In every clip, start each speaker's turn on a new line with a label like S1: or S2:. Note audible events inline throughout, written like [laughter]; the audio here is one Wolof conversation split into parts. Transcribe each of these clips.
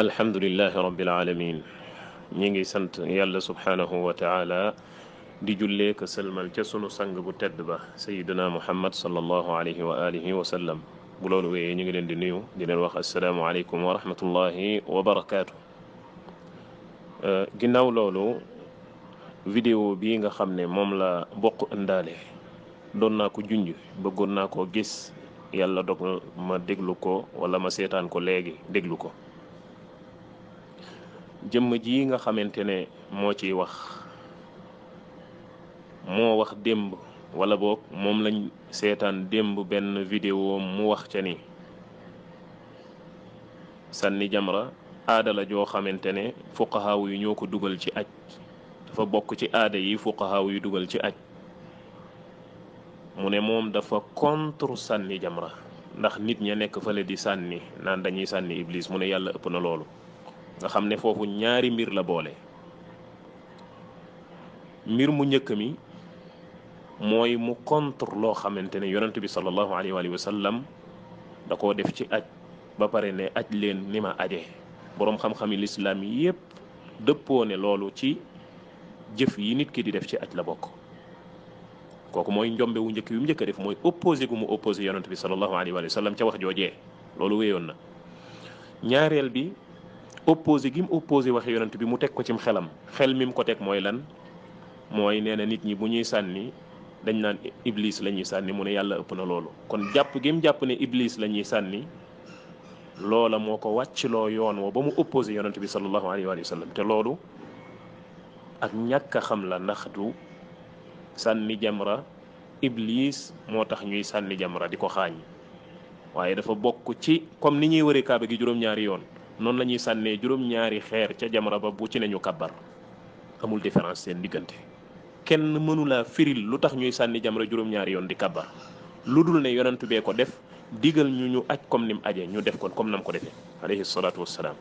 S1: الحمد لله رب العالمين نيغي سنت يالله سبحانه وتعالى دي جوليك سلمال تي سونو سانغ بو تيد با سيدنا محمد صلى الله عليه واله وسلم بولول وي نيغي لين دي نيو دي لين واخ السلام عليكم ورحمه الله وبركاته غيناو لولو فيديو بيغا خامني موم لا بوك اندالي دون ناكو جونج بغون ناكو غيس يالله دوك ما ديغلوكو ولا ما سيطان كو ليغي ديغلوكو jëmm ji nga xamante ne moo ciy wax moo wax démb wala boog moom lañ seetaan démb benn vidéo mu wax ca ni sànni jamra aada la joo xamante ne fuqahaaw yu ñoo ko dugal ci aj dafa bokk ci aada yi fuqahaaw yu dugal ci aj mu ne moom dafa contre sànni jamra ndax nit ña nekk fale di sànni naan dañuy sànni iblis mu ne yàlla ëpp na loolu nga xamne fofu ñaari mbir la boole mbir mu ñëkk mi mooy mu contre loo xamante ne yonent bi sallallahu alayhi wa sallam da koo def ci aj ba pare ne aj leen ni ma aje boroom xam-xami lislaam yépp dëppoo ne loolu ci jëf yi nit ki di def ci aj la bokk kooku mooy njombe wu njëkk yu mu njëkk def mooy opposé gu mu opposé yonent bi sallallahu alayhi wa sallam ca wax joojee loolu wéyoon na ñaareel bi opposé gi mu opposé waxe bi mu teg ko cim xelam xel mi mu ko teg mooy lan mooy nee na nit ñi bu ñuy sànni dañ naan iblis la ñuy sànni mu ne yàlla ëpp na loolu kon jàpp gi jàpp ne iblis la ñuy sànni loola moo ko wàccloo yoon woo ba mu opposé yonent bi sallallahu alayhi wa sallam te loolu ak ñàkk xam la ndax du sànni jamra iblis moo tax ñuy sànni jamra di ko xaañ waaye dafa bokk ci comme ni ñuy wëri kaaba gi juróom-ñaari yoon non la ñuy sànnee nyari ñaari xeer ca jamara ba bu ci ne ñu kabbar amul différence seen kenn firil lu tax ñuy sànni jamra juróom-ñaari yoon di kabar ludul dul ne yonantu bee ko def digal ñu ñu aj comme nim aje ñu def kon comme nam ko defee alayhi salatu wassalaam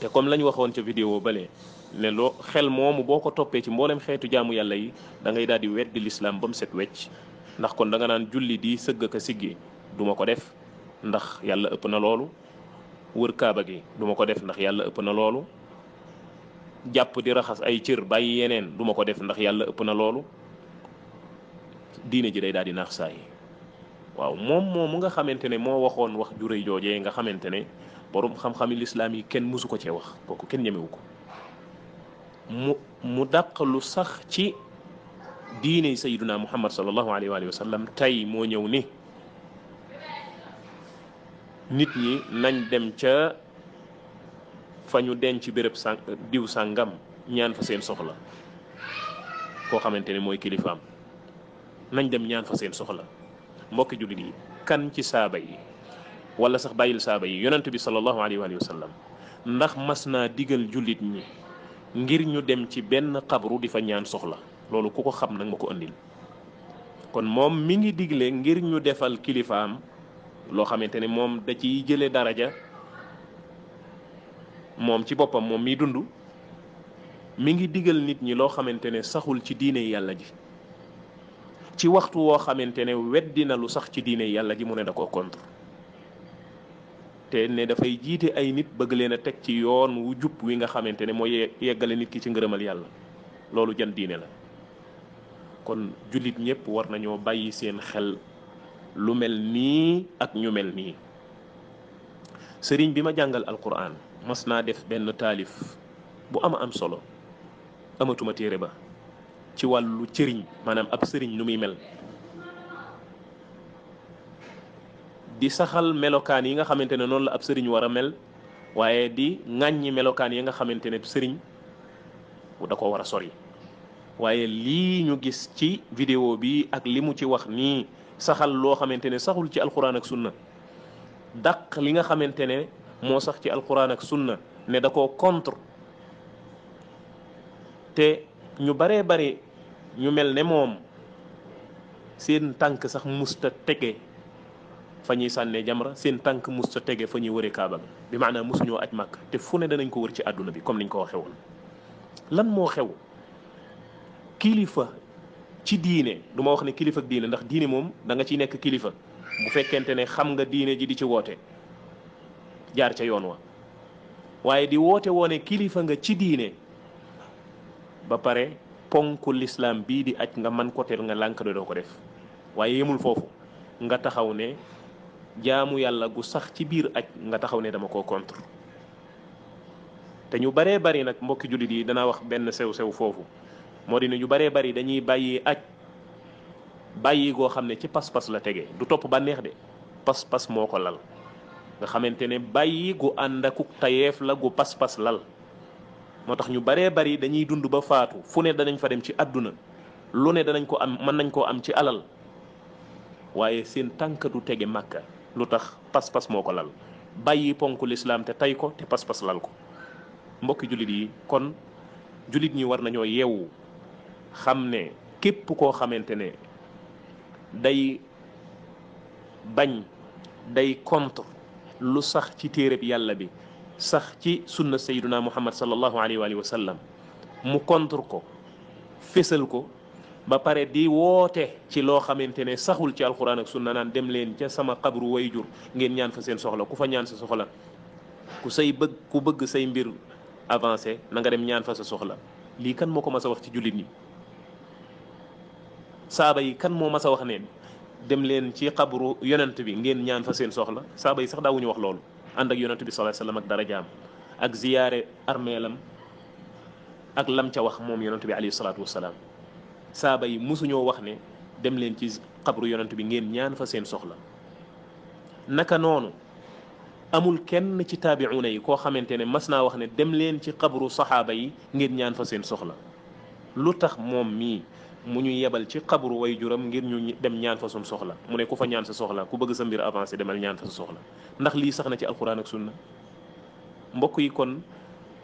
S1: te comme lañ waxoon ca vidéo bale ne loo xel moomu boo ko toppee ci mboolem xeetu jaamu yàlla yi da ngay daal di weddi lislaam set wecc ndax kon da nga naan julli di ka duma ko def ndax yàlla ëpp na loolu wër kaaba gi duma ko def ndax yàlla ëpp na loolu jàpp di raxas ay cër bàyyi yeneen duma ko def ndax yàlla ëpp na loolu diine ji day daal di naax saa waaw moom moom mu nga xamante ne moo waxoon wax ju rëy joojee nga xamante ne borom xam-xami lislaam yi kenn mësu ko cee wax kooku kenn ñemewu ko mu mu dàq lu sax ci diine sayyiduna muhammad sallallahu alayhi wa sallam tey moo ñëw ni nit ñi nañ dem ca fa ñu denc béréb sang diw sangam ñaan fa seen soxla koo xamanteni mooy kilifaam nañ dem ñaan fa seen soxla mbokki julit yi kan ci saaba yi wala sax bàyyil saaba yi yonent bi salallahu alayhi wa sallam ndax mas digal julit ñi ngir ñu dem ci benn xabru di fa ñaan soxla loolu ku ko xam nag ma andil kon moom mi ngi digle ngir ñu defal kilifaam loo xamante ne moom da ciy jëlee ja moom ci boppam moom miy dund mi ngi digal nit ñi loo xamante ne saxul ci diine yàlla ji ci waxtu woo xamante ne weddi na lu sax ci diine yàlla ji mu ne da koo contre te ne dafay jiite ay nit bëgg leen a teg ci yoon wu jub wi nga xamante ne mooy yeggale nit ki ci ngërëmal yàlla loolu jan diine la kon jullit ñépp war nañoo bàyyi seen xel lu mel ak ñu mel nii bima bi alquran Masna def ben talif bu ama am solo amatuma téere ba ci walu cëriñ manam ab sëriñ nu muy mel di saxal melokaan yi nga xamantene non la ab sëriñ wara mel waaye di ŋàññi melokaan yi nga xamantene ne sëriñ da ko wara sori waaye lii ñu gis ci vidéo bi ak li mu ci wax nii saxal loo xamante ne saxul ci alquran ak sunna dàq li nga xamante ne moo sax ci alquran ak sunna ne da koo contre te ñu baree bari ñu mel ne moom seen tànk sax musta tege fa ñuy sànnee jamra seen tànk musta tege fa ñuy wëre kaaba bi maanaam mosuñoo aj màkk te fu ne danañ ko wër ci àdduna bi comme niñ ko waxee woon lan moo xew kilifa ci diine du wax ne kilifa ak diine ndax diine moom da nga ciy nekk kilifa bu fekkente ne xam nga diine ji di ci woote jaar ca yoon wa waaye di woote woone kilifa nga ci diine ba pare ponku lislaam bii di aj nga man ko teel nga lànk doo ko def waaye yemul foofu nga taxaw ne jaamu yàlla gu sax ci biir aj nga taxaw ne dama ko contre te ñu baree bari nag mbokki jullit yi danaa wax benn sew sew foofu moo di ne ñu bëree bëri dañuy bàyyi aj bàyyi goo xam ne ci pas-pas la tege du topp bànneex de pas-pas moo ko lal nga xamante ne bàyyi gu ànd ak tayeef la gu pas-pas lal moo tax ñu bëree bëri dañuy dund ba faatu fu ne danañ fa dem ci àdduna lu ne danañ ko am mën nañ koo am ci alal waaye seen tànk du tege màkka lu tax pas-pas moo ko lal bàyyi ponk lislaam te tay ko te pas-pas lal ko mbokki jullit yi kon jullit ñi war nañoo yeewu xam ne képp koo xamante ne day bañ day contre lu sax ci téereb yàlla bi sax ci sunna sayyiduna muhammad sallallahu alayhi wa sallam mu contre ko fésal ko ba pare di woote ci loo xamante ne saxul ci alquran ak sunna naan dem leen ca sama xabru wayjur ngeen ñaan fa seen soxla ku fa ñaan sa soxla ku say bëgg ku bëgg say mbir avancé na nga dem ñaan fa sa soxla lii kan moo ko mas sa wax ci jullit ñi saaba yi kan moo masa wax ne dem leen ci xabru yonent bi ngeen ñaan fa seen soxla saaba yi sax ñu wax loolu ànd ak yonent bi sallallahu alayhi wasallam ak darajaam ak ziyaare armeelam ak lam ca wax moom yonent bi alayhi salaatu wasalaam saaba yi mosuñoo wax ne dem leen ci xabru yonent bi ngeen ñaan fa seen soxla naka noonu amul kenn ci taabiuna yi koo xamante ne mas naa wax ne dem leen ci xabru saxaaba yi ngeen ñaan fa seen soxla lu tax moom mii mu ñu yebal ci xabru way juram ngir ñu dem ñaan fa suñ soxla mu ne ku fa ñaan sa soxla ku bëgg sa mbir avancé demal ñaan fa sa soxla ndax lii sax na ci alxuraan ak sunna mbokk yi kon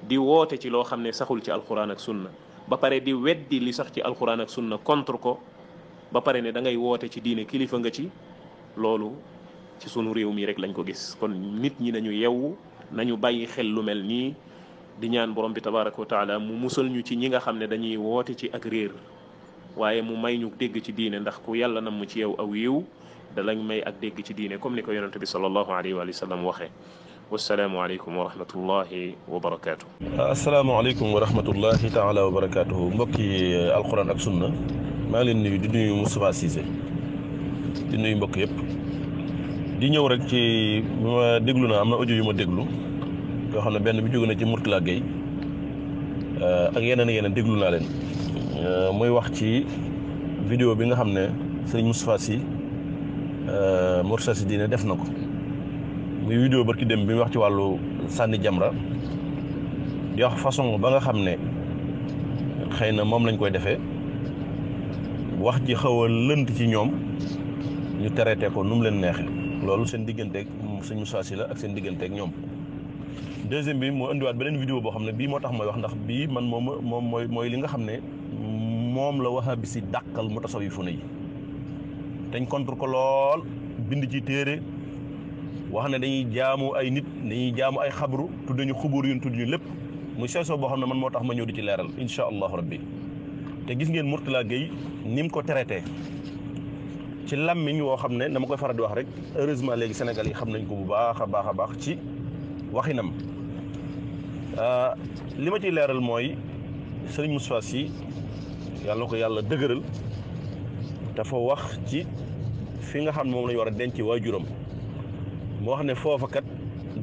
S1: di woote ci loo xam ne saxul ci alxuraan ak sunna ba pare di weddi li sax ci alxuraan ak sunna contre ko ba pare ne da ngay woote ci diine kilifa nga ci loolu ci sunu réew mii rek lañ ko gis kon nit ñi nañu yewwu nañu bàyyi xel lu mel nii di ñaan borom bi tabaraka wa taala mu musal ñu ci ñi nga xam ne dañuy woote ci ak réer waaye mu may ñu dégg ci diine ndax ku yàlla nam mu ci yow aw yiw dalañ may ak dégg ci diine comme ni ko yonente bi sallallahu alayhi wa sallam waxee wasalaamualeykum wa rahmatullahi wa barakaatu.
S2: asalaamaaleykum wa rahmatullahi taala wa barakaatu mbokk yi alquran ak sunna maa ngi leen nuyu di nuyu Moustapha Cissé di nuyu mbokk yëpp di ñëw rek ci ma déglu na am na audio yu ma déglu yoo xam ne benn bi jóge na ci Mourtala Gueye ak yeneen yeneen déglu naa leen. Euh, muy wax ci vidéo bi nga xam ne sëriñ Moustapha Sy euh, Moustapha Sy diine def na ko muy vidéo barki dem bi mu wax ci wàllu sànni jamra di wax façon ba nga xam ne xëy na moom lañ koy defee wax ji xaw a lënt ci ñoom ñu traité ko nu mu leen neexee loolu seen digganteeg sëñ Moustapha Sy la ak seen digganteeg ñoom deuxième bi moo indiwaat beneen vidéo boo xam ne bii moo tax mooy wax ndax bii man moom moom mooy mooy li nga xam ne moom la wahabi si dàqal mutasawifuna yi dañ contre ko lool bind ci téere wax ne dañuy jaamu ay nit dañuy jaamu ay xabru tudd ñu xubur yu tudd ñu lépp mu seesoo boo xam ne man moo tax ma ñëw di ci leeral insha allahu rabbi te gis ngeen Mourtala Gueye ni mu ko traité ci làmmiñ woo xam ne dama koy faral di wax rek heureusement léegi Sénégal yi xam nañ ko bu baax a baax a baax ci waxinam ah, li ma ciy leeral mooy sëriñ Moustapha Sy yàlla na ko yàlla dëgëral dafa wax ci fi nga xam ne moom la war a denc waajuram moo xam ne foofa kat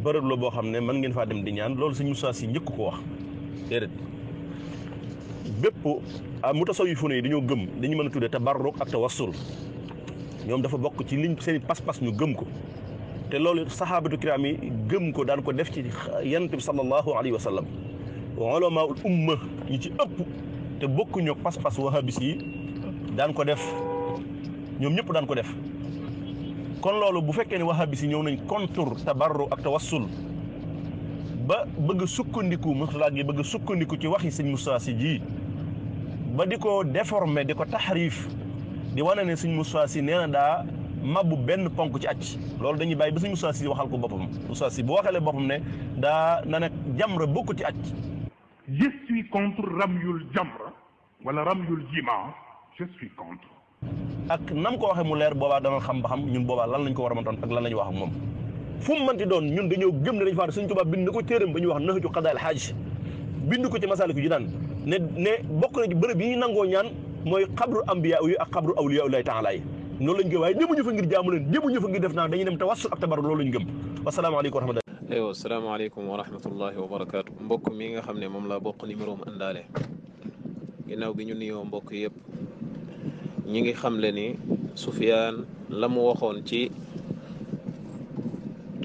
S2: bërëb boo xam ne mën ngeen faa dem di ñaan loolu sëriñ Moustapha Sy njëkku ko wax déedéet bépp ah mu tasaw yu fu ne yi dañoo gëm dañu mën a tuddee tabarruk ak tawassul ñoom dafa bokk ci liñ seen pas-pas ñu gëm ko te loolu saxaabatu kiraam yi gëm ko daan ko def ci yonent bi sallallahu alayhi wa sallam ulama ul umma yi ci ëpp te bokkuñu pas-pas wahabis yi daan ko def ñoom ñëpp daan ko def kon loolu bu fekkee ne wahabis yi ñëw nañ contour tabarru ak tawassul ba bëgg sukkandiku muxlaat gi bëgg sukkandiku ci waxi sëñ Moussa si ji ba di ko déformer di ko taxariif di wane ne sëñ Moussa si nee na daa mabbu benn ponk ci acc loolu dañuy bàyyi ba sëñ Moussa si waxal ko boppam Moussa si bu waxalee boppam ne daa na ne jamra bokku ci acc je suis contre ramyul jamra wala ramyul jima je suis contre. ak nam ko waxee mu leer boobaa dana xam ba xam ñun boobaa lan lañ ko war a mën doon ak lan la ñu wax ak moom fu mu mënti doon ñun dañoo gëm ne dañu faa suñ tubaab bind na ko téeram ba ñu wax naxaju xadaal xaaj bind ko ci masaaliku ji naan ne ne bokk na ci bërëb yi nangoo ñaan mooy xabru ambiya yi ak xabru awliya ulay taala yi noonu lañ gëm waaye ñëmuñu fa ngir jaamu leen ñëmuñu fa ngir def naa dañuy dem tawassul ak tabarru loolu lañ gëm wasalaamaaleykum wa
S1: aywa salaamaaleykum wa rahmatullahi wa barakaatu mbokk mi nga xam ne moom laa bokk numéro mu àndaale ginnaaw bi ñu nuyoo mbokk yëpp ñi ngi xamle ni Soufiane la mu waxoon ci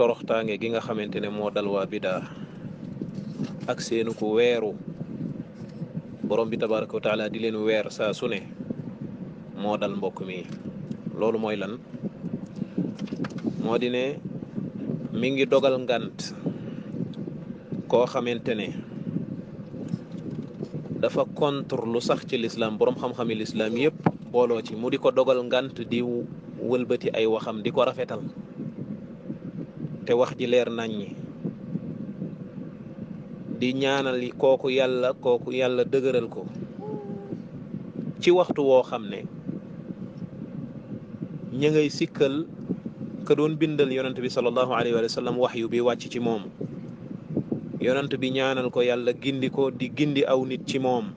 S1: toroxtaange gi nga xamante bidaa ak seenu ku weeru borom bi tabaraka wa taala di leen weer saa su ne moo dal mbokk mi loolu mooy lan mi ngi dogal ngant koo xamante ne dafa contre lu sax ci lislaam borom xam-xami lislaam yépp booloo ci mu di ko dogal ngant di wëlbati ay waxam di ko rafetal te wax ji leer naññi di ñaanal kooku yàlla kooku yàlla dëgëral ko ci waxtu woo xam ne ña ngay sikkal ka doon bindal yonent bi sallallahu alayhi wa wax yu bi wàcc ci moom yonent bi ñaanal ko yàlla gindi ko di gindi aw nit ci moom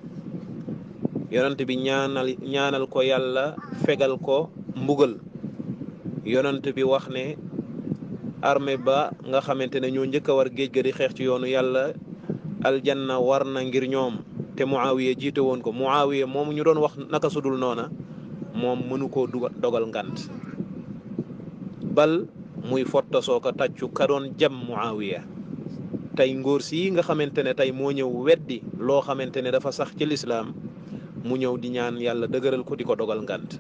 S1: yonent bi ñaanal ñaanal ko yàlla fegal ko mbugal yonent bi wax ne armée ba nga xamante ne ñoo njëkk a war géej ga di xeex ci yoonu yàlla aljanna war na ngir ñoom te Muawiya jiite woon ko Muawiya moom ñu doon wax naka sudul noona moom mënu koo dugal dogal ngant bal muy fottasoo ko tàccu ka doon jam muawiya tey ngóor sii nga xamante ne tey moo ñëw weddi loo xamante ne dafa sax ci lislaam mu ñëw di ñaan yàlla dëgëral ko di ko dogal ngant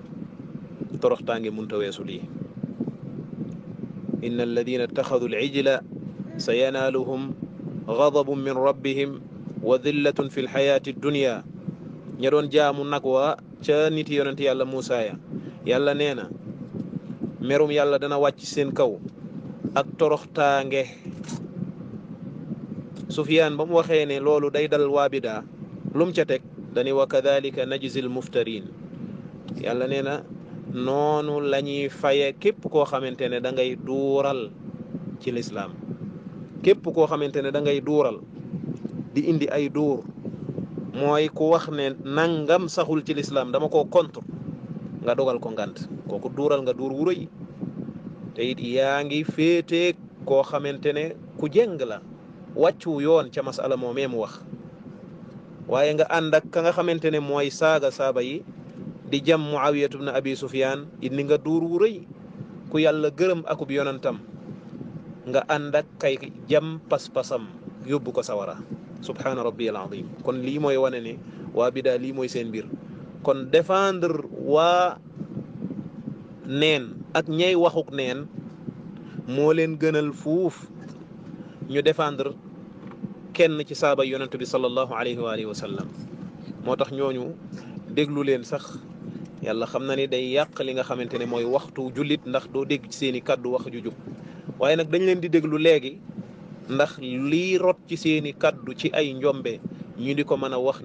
S1: toroxtaange munta weesu lii inna alladina ittaxadu alijla sa yanaaluhum gadabun min rabbihim wa dillatun fi lxayaati dunya ña doon jaamu nag wa ca nit yonent yàlla muusa ya yàlla nee na merum yàlla dana wàcc seen kaw ak toroxtaange sufyaan ba mu waxee ne loolu day dal waa bidaa lum ca teg dani wa kadalika najzil muftarin yàlla nee na noonu la ñuy faye képp koo xamante ne dangay ngay duural ci lislaam képp koo xamante ne dangay duural di indi ay duur mooy ku wax ne nangam saxul ci lislaam dama ko contre nga dogal ko ngant kooku dural nga fete wuroy te it yaangi fete ko xamantene ne ku jeng la waccu yoon ci masala mo mem wax waye nga ànd ak ka nga xamantene ne saga saba yi di jam muawiyah ibn abi sufyan indi nga dur wuroy ku yalla geureum akub yonantam nga kay jam pas-pasam yobbu ko sawara Subhana Rabbiyal azim kon limo moy wanene wa waa kon défendre waa neen ak ñey waxuk neen moo leen gënal fuuf ñu defendre kenn ci saaba yonent bi sallallahu alayhi wa alihi wa moo tax ñooñu déglu leen sax yàlla xam na ni day yàq li nga xamante ne mooy waxtu jullit ndax doo dégg ci seeni kàddu wax ju jub waaye nag dañ leen di déglu léegi ndax lii rot ci seeni kàddu ci ay njombe ñu di ko mën a wax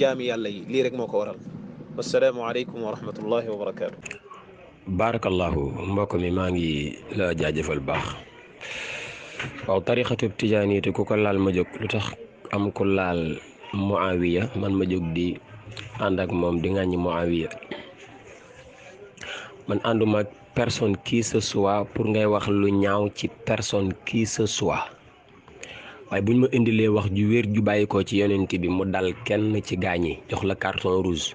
S1: jaami yàlla yi lii rek moo ko waral wasalaamu warahmatullahi wa rahmatullahi wa barakaatu.
S3: baarakallahu mbokk mi maa ngi la jaajëfal baax waaw tarixatu tijaaniyatu ku ko laal ma jóg lu tax am ku laal muawiya man ma jóg di ànd ak moom di ŋàññi muawiya man ànduma ak personne qui ce soit pour ngay wax lu ñaaw ci personne qui ce soit waaye buñ ma indilee wax ju wér ju bàyyi ko ci yonent bi mu dal kenn ci gaañi jox la carton rouge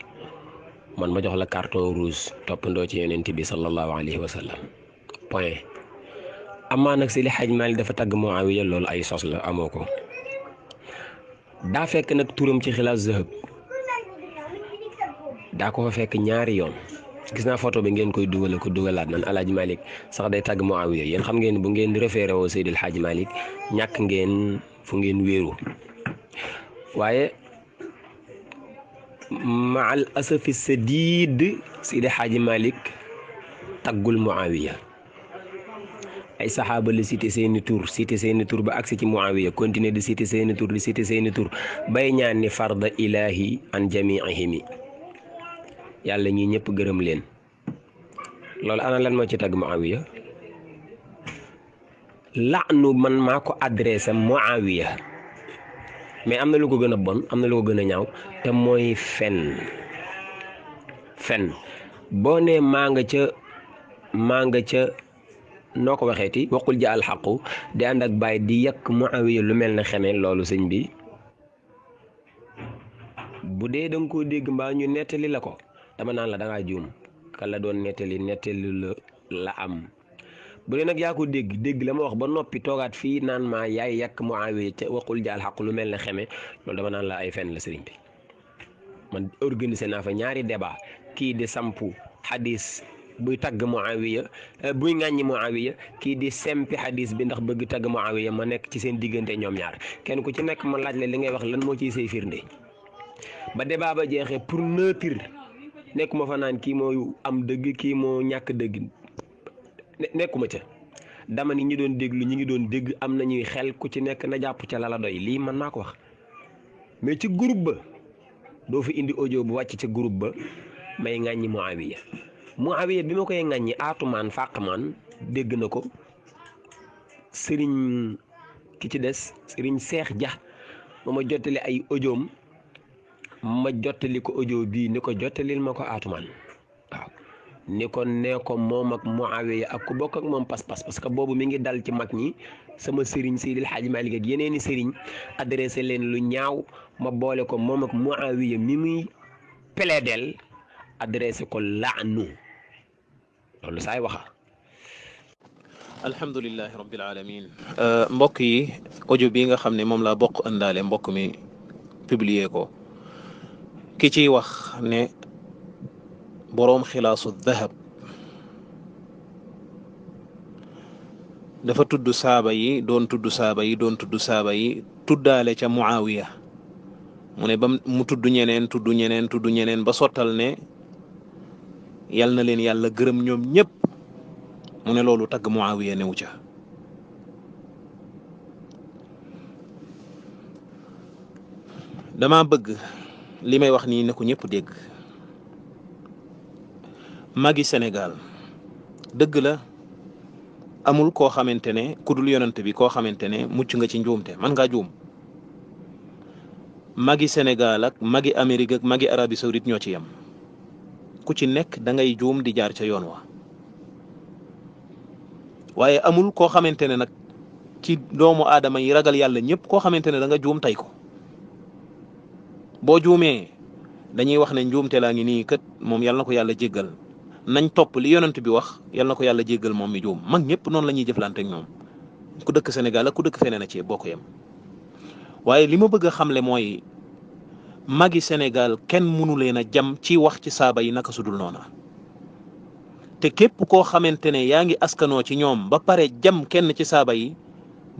S3: man ma jox la carton rouge toppandoo ci yonent bi sallallahu alayhi wa sallam point amaa nag si li xaj dafa tagg Muawiya loolu ay sos la amoo ko daa fekk nag turam ci xilaas zahab daa ko fa fekk ñaari yoon gis naa photo bi ngeen koy dugal ko dugalaat nan El malik Malick sax day tàgg Muawiya yéen xam ngeen bu ngeen référé woo Seydil Hadj Malick ñàkk ngeen fu ngeen wéeru waaye maal asafi sadid Sidi haji Malik taggul Muawiya ay saxaaba la cité seeni tour, cité seeni tour ba agsi ci Muawiya continuer di cité seeni tour, di cité seeni tour bay ñaan ni farda ilahi an jamiihimi ya ñi ñëpp gërëm leen loolu ana lan moo ci tagg Muawiya laanu man maa ko adressé Muawiya mais am na lu ko gën bon am lu ko gën ñaaw te mooy fen fen boo nee maa nga ca maa nga ca noo ko waxeeti waxul ja alxaqu di ànd ak bàyyi di yàq Muawiya lu mel ne xeme loolu sëñ bi bu dee da koo dégg mbaa ñu nettali la ko dama naan la da juum ka la doon nettali nettali la la am bu dee nag yaa ko dégg dégg la ma wax ba noppi toogaat fii naan maa yaay yàq Muawiya ca waxul ja alxaqu lu mel ne xeme loolu dama naan la ay fenn la sëriñ bi man organisé naa fa ñaari debaa kii di sampu xadis buy tagg Muawiya eh, buy ŋàññi Muawiya kii di sempi xadis bi ndax bëgg tagg Muawiya ma nekk ci seen diggante ñoom ñaar kenn ku ci nekk ma laaj la li ngay wax lan moo ciy say firnde ba debaa ba jeexee pour neutre nekkuma fa naan kii moo am dëgg kii moo ñàkk dëgg nekkuma ca dama ni ñi doon déglu ñu ngi doon dégg am na ñuy xel ku ci nekk na jàpp ca la la lii man naa ko wax mais ci groupe doo fi indi audio bu wàcc ca groupe ba may ŋàññi Muawiya Muawiya bi ma koy ŋàññi aatumaan fàqmaan dégg na ko sëriñ ki ci des sëriñ Seex Ja ma ma jottali ay audioom ma jottali ko audio bii ni ko jottalil ma ko aatumaan waaw ni ko nee ko moom ak Muawiya ak ku bokk ak moom pas-pas parce que boobu mi ngi dal ci mag ñi sama sëriñ Seydil Hadji Malick ak yeneeni sëriñ adressé leen lu ñaaw ma boole ko moom ak Muawiya mi muy plaidel adressé ko laanu loolu saay waxa
S1: الحمد rabbil رب العالمين yi audio بيغا خامني موم لا بوك اندال bokk مي بوبليي كو publier ko ki ciy wax ne boroom xilaasu dahab dafa tudd saaba yi doon tudd saaba yi doon tudd saaba yi tuddaale mu ne ba mu tudd ñeneen tudd ñeneen tudd ñeneen ba sottal ne yal na leen yàlla gërëm ñoom ñëpp mu ne loolu tagg Muawiya newu ca dama bëgg li may wax nii ne ko ñëpp dégg magi senegal dëgg la amul koo xamante ne ku dul bi koo xamante ne mucc nga ci njuumte man ngaa juum magi Sénégal ak magi Amérique ak magi Arabie Saoudite ñoo ci yem ku ci nekk da ngay juum di jaar ca yoon wa waaye amul koo xamante ne nag ci doomu aadama yi ragal yàlla ñëpp koo xamante ne danga nga juum tey ko boo juumee dañuy wax ne njuumte laa ngi nii kat moom yàlla ko yàlla jéggal nañ topp li yonent bi wax yàlla na ko yàlla jéggal moom mi juum mag ñëpp noonu la ñuy jëflante ak ñoom ku dëkk Sénégal ak ku dëkk feneen a ci boo ko yem waaye li ma bëgg a xamle mooy magi Sénégal kenn mënu leen a jam ci wax ci saaba yi naka sudul noona te képp koo xamante ne yaa ngi askanoo ci ñoom ba pare jam kenn ci saaba yi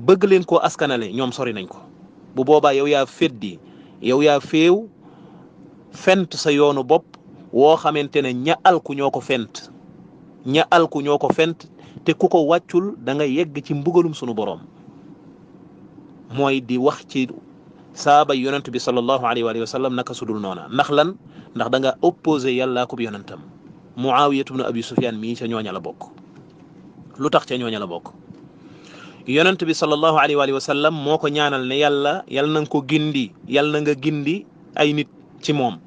S1: bëgg leen koo askanale ñoom sori nañ ko bu boobaa yow yaa féddi yow yaa féew fent sa yoonu bopp woo xamante ne ña alku ñoo ko fent ña alku ñoo ko fent te ku ko wàccul da nga yegg ci mbugalum sunu boroom mooy di wax ci saaba yonent bi sallallahu alayhi wa sallam naka sudul noona ndax lan ndax da nga opposé yàllaa ko yonentam muawiyatu bnu abi sufyaan mii ca ñooña la bokk lu tax ca ñooña la bokk yonent bi sallallahu alayhi wa sallam moo ko ñaanal ne yàlla yàlla na nga gindi yàlla na nga gindi ay nit ci moom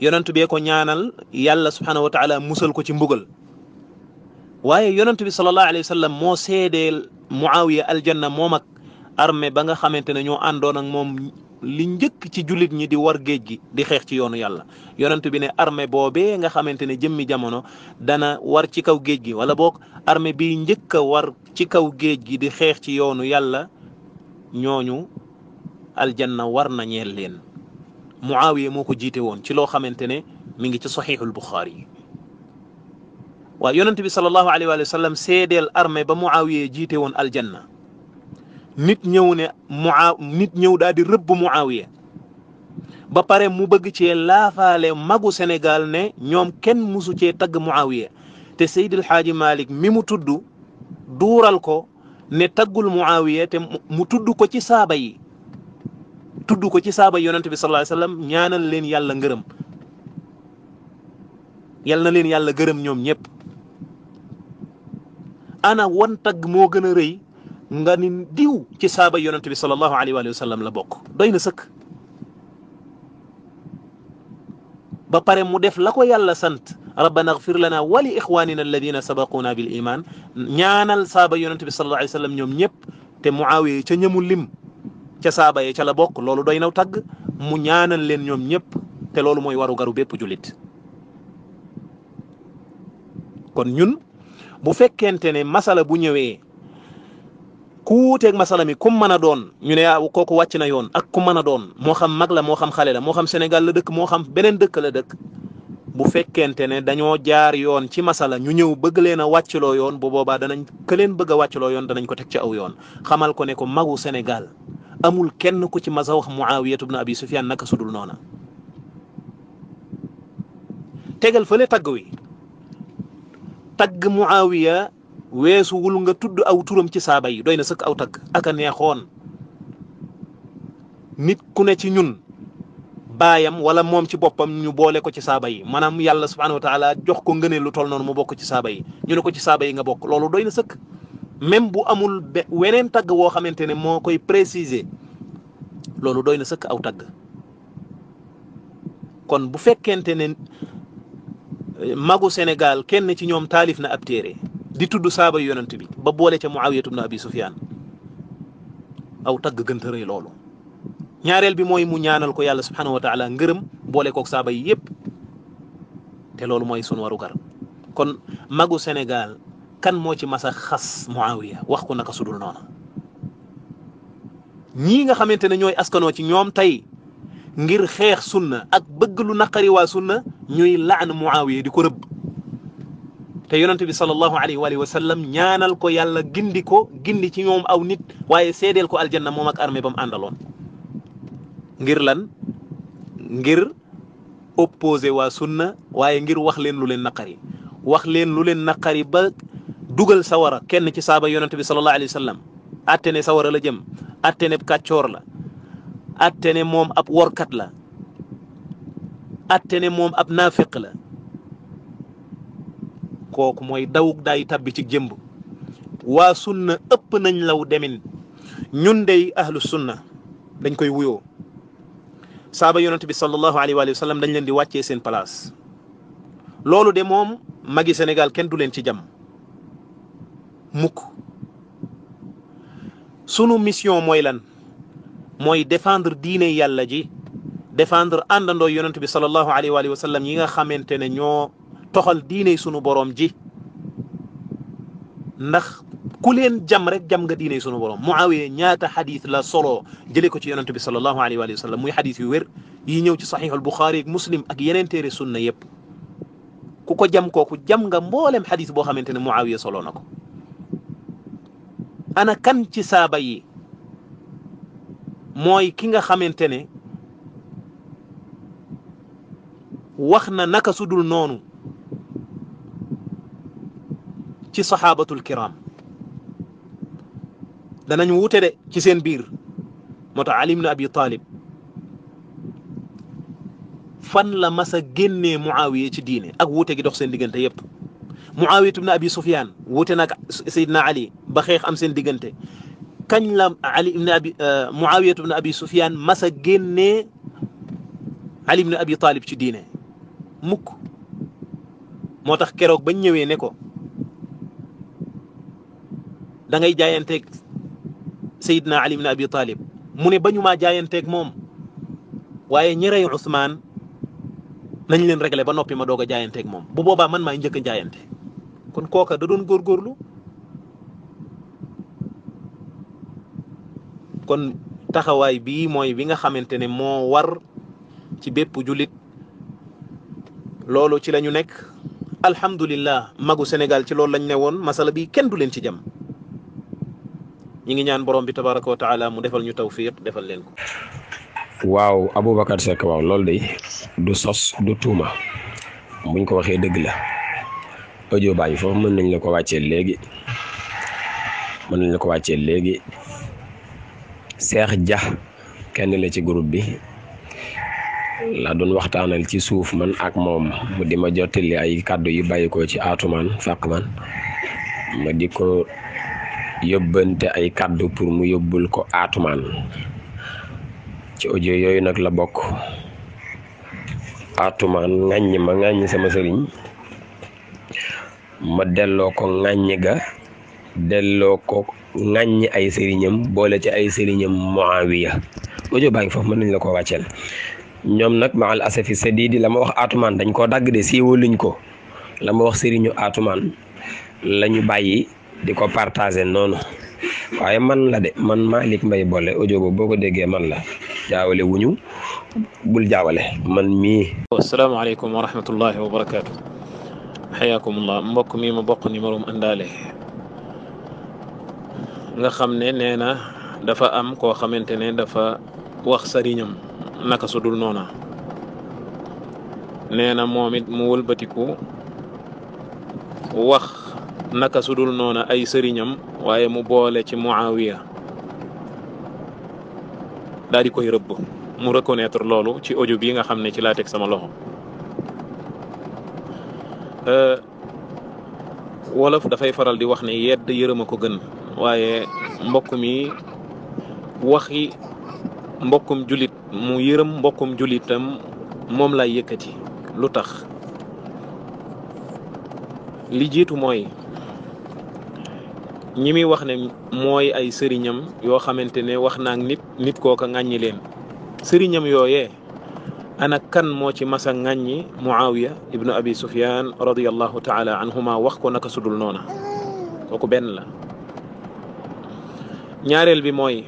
S1: yonent bee ko ñaanal yàlla subhaanahu wa musal ko ci mbugal waaye yonent bi sallallahu alayhi wa sallam moo seedeel muawiya aljanna moom ak armée ba nga xamante ne ñoo àndoon ak moom li njëkk ci jullit ñi di war géej gi di xeex ci yoonu yàlla yonent bi ne armée boobee nga xamante ne jëmmi jamono dana war ci kaw géej gi wala book armee bi njëkk a war ci kaw géej gi di xeex ci yoonu yàlla ñoo ñooñu aljanna war na ñeel leen muawiya moo ko jiite woon ci loo xamante ne mu ngi ci saxiixul buxaari yi waaw yonent bi sallallahu alayhi wa sallam seedeel armée ba mu Muawiya jiite woon aljanna nit ñëw ne mua nit ñëw daal di rëbb Muawiya ba pare mu bëgg cee laafaale magu senegal ne ñoom kenn musu cee tagg Muawiya te Seydil Xaaji Malik mi mu tudd duural ko ne taggul Muawiya te mu tudd ko ci saaba yi tudd ko ci saaba yonent bi sallallahu alayhi wa sallam ñaanal leen yàlla ngërëm yal na leen yàlla gërëm ñoom ñëpp ana wan tag moo gën a rëy nga ni diw ci saaba yonent bi sallallahu alayhi wa sallam la bokk doy na sëkk ba pare mu def la ko yàlla sant ربنا اغفر لنا wa li ixwanina alladina sabaquna bil iman ñaanal صلى الله عليه وسلم نيوم wa تي معاويه تي نيمو ليم تي صابا lim ca saaba ya ca la bokk loolu doy na tagg mu ñaanal leen ñoom ñëpp te loolu kon ñun bu fekkente ne masala bu ñëwee ku wuuteeg masala mi kum mën a doon ñu ne ah kooku wàcc na yoon ak ku mën a doon moo xam mag la moo xam xale la moo xam Sénégal la dëkk moo xam beneen dëkk la dëkk bu fekkente ne dañoo jaar yoon ci masala ñu ñëw bëgg leen a wàccloo yoon bu boobaa danañ ka leen bëgg a wàccloo yoon danañ ko teg ci aw yoon xamal ko ne ko magu Sénégal amul kenn ku ci masa wax Muawiyatu ibn Abi Sufyaan naka sudul noona tegal fële tagg wi tagg muawiya weesuwul nga tudd aw turam ci saaba yi doy na sëkk aw tagg aka neexoon nit ku ne ci ñun baayam wala moom ci boppam ñu boole ko ci saaba yi maanaam yàlla subhaanahu wa taala jox ko ngëneel lu toll noonu mu bokk ci saaba yi ñu ne ko ci saaba yi nga bokk loolu doy na sëkk même bu amul weneen tagg woo xamante ne moo koy préciser loolu doy na sëkk aw tagg kon bu fekkente magu Sénégal kenn ci ñoom taalif na ab téere di tudd saaba yonent bi ba boole ca Muawiyatu bnu Abi Sufyaan aw tagg gënta rëy loolu ñaareel bi mooy mu ñaanal ko yàlla subhanahu wa taala ngërëm boole kook saaba yi yëpp te loolu mooy sunu warugar kon magu Sénégal kan moo ci masa xas Muawiya wax ko naka sudul noona ñii nga xamante ne ñooy askanoo ci ñoom tey ngir xex sunna ak bëgg lu naqari wa sunna ñuy laan muawiya diko reub te yonent bi sallallahu alayhi wa sallam ñaanal ko yàlla gindi ko gindi ci ñoom aw nit waye sédel ko aljanna mom ak armée bam andalon ngir lan ngir opposé wa sunna waye ngir wax leen lu leen naqari wax leen lu leen naqari ba dugal sawara kenn ci saaba yonent bi sallallahu alayhi wa sallam atene sawara la jëm atene ne la atte ne moom ab workat la atte ne moom ab naafiq la kooku mooy dawug daay tabbi ci jëmb waa sunna ëpp nañ law demin ñun dey ahlu sunna dañ koy wuyoo saaba yonent bi sallallahu alayhi wa sallam dañ leen di wàccee seen place loolu de moom magi Sénégal kenn du leen ci jàmm mukk sunu mission mooy lan moy défendre diine yàlla ji défendre andando yonent bi sallallahu alayhi wa sallam yi nga xamantene ño toxal diine sunu borom ji ndax ku len jam rek jam nga diine sunu borom muawiya ñaata hadith la solo jele ko ci yonent bi sallallahu alayhi wa sallam muy hadith yu wér yi ñëw ci al bukhari ak muslim ak yenen téré sunna yëpp ku ko jam koku jam nga mboolem hadith bo xamantene muawiya solo nako ana kan ci sabayi moy ki nga xamantene waxna naka sudul nonu ci saxaabatul kiram danañ wuté de ci sen bir mota Ali ibn Abi Talib fan la massa genné Muawiya ci diine ak wuté gi dox sen digënté yëpp Muawiya ibn Abi Sufyan wuté nak Seydina Ali ba xex am sen digënté كان لام علي بن ابي معاويه بن ابي سفيان مسا генي علي بن ابي طالب في دينه مك موتاخ كيروك با نيوي نيكو دا غاي جايانتك سيدنا علي بن ابي طالب موني با نيوما جايانتك موم وايي ني ري عثمان نان لين ريغلي با نوبي ما دوغا جايانتك موم بو بوبا مان ما نجهك جايانتي كون كوكا دا دون غور غورلو kon taxawaay bii mooy bi nga xamante ne moo war ci bépp jullit loolu ci lañu nekk alhamdulillah magu senegal ci loolu lañ ne woon masala bi kenn du leen ci jam ñi ngi ñaan borom bi tabaraka wa mu defal ñu tawfiq defal leen ko
S3: waaw Aboubacar Seck waaw loolu de du sos du tuuma buñ ko waxee dëgg la audio baa foofu mën nañ la ko wàccee léegi mën nañ ko wàccee léegi Cheikh Dia kenn la ci groupe bi la doon waxtaanal ci suuf man ak moom mu di ma jottali ay kàddu yu bàyyi ko ci aatumaan fàq man ma di ko yóbbante ay kàddu pour mu yóbbul ko aatumaan ci ojo yooyu nag la bokk aatumaan ŋàññ ma ŋàññ sama sëriñ ma delloo ko ŋàññ ga delloo ko ŋàññi ay sëriñam boole ci ay sëriñam Muawiya audio baa ngi foofu mën nañ la ko wàcceel ñoom nag ma al asafi sadidi la ma wax atumaan dañ koo dagg de siiwaluñ ko la ma wax sëriñu atumaan la ñu bàyyi di ko partagé noonu waaye man la de man Malick mbay boole audio boobu boo ko déggee man la jaawale wuñu bul jaawale man mii asalaamaaleykum wa rahmatullahi wa barakaatu xayaakumullah
S1: mbokk mi ma bokk numéro mu àndaale nga xam ne nee na dafa am koo xamante ne dafa wax sëriñam naka su noona nee na moom it mu wëlbatiku wax naka sudul noona ay sëriñam waaye mu boole ci Muawiya daal di koy rëbb mu reconnaître loolu ci audio bi nga xam ne ci laa teg sama loxo euh, wolof dafay faral di wax ne yedd yërëm a ko gën waaye mbokk mi waxi mbokkum julit mu yërëm mbokkum jullitam moom lay yëkkati lu tax li jiitu mooy ñi muy wax ne mooy ay sëriñam yoo xamante ne wax naak nit nit kooka ŋàññi leen sëriñam yooyee ana kan moo ci masa ŋàññi muawiya ibnu abi sufyaan radiallahu taala anhuma wax ko naka sudul noona kooku benn la ñaareel bi mooy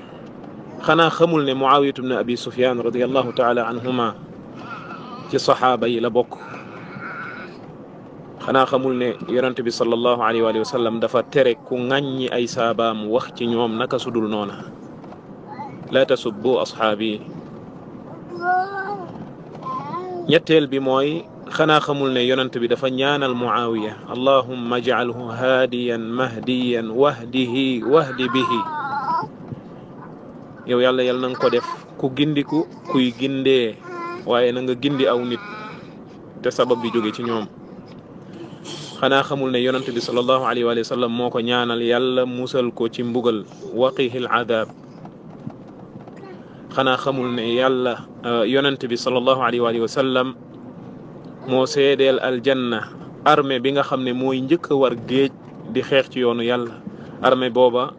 S1: xanaa xamul ne muawiyatu bne abi sufyan radiallahu taala anhuma ci saxaaba yi la bokk xanaa xamul ne bi sallallahu alayhi wa dafa tere ku ŋàññi ay saabaam wax ci ñoom naka sudul noona la tasubbu asxaabi ñetteel bi mooy xanaa xamul ne yonent bi dafa ñaanal muawiya allahumma jacalhu haadiyan mahdiyan wahdi bihi yow yàlla yàlla na nga ko def ku gindiku kuy ginde waaye na nga gindi aw nit te sabab bi jóge ci ñoom xanaa xamul ne yonent bi sallallahu alayhi wa sallam moo ko ñaanal yàlla musal ko ci mbugal waqihil adab xanaa xamul ne yàlla euh, yonent bi sallallahu alayhi wa sallam moo seedeel aljanna armée bi nga xam ne mooy njëkk a war géej di xeex ci yoonu yàlla armée booba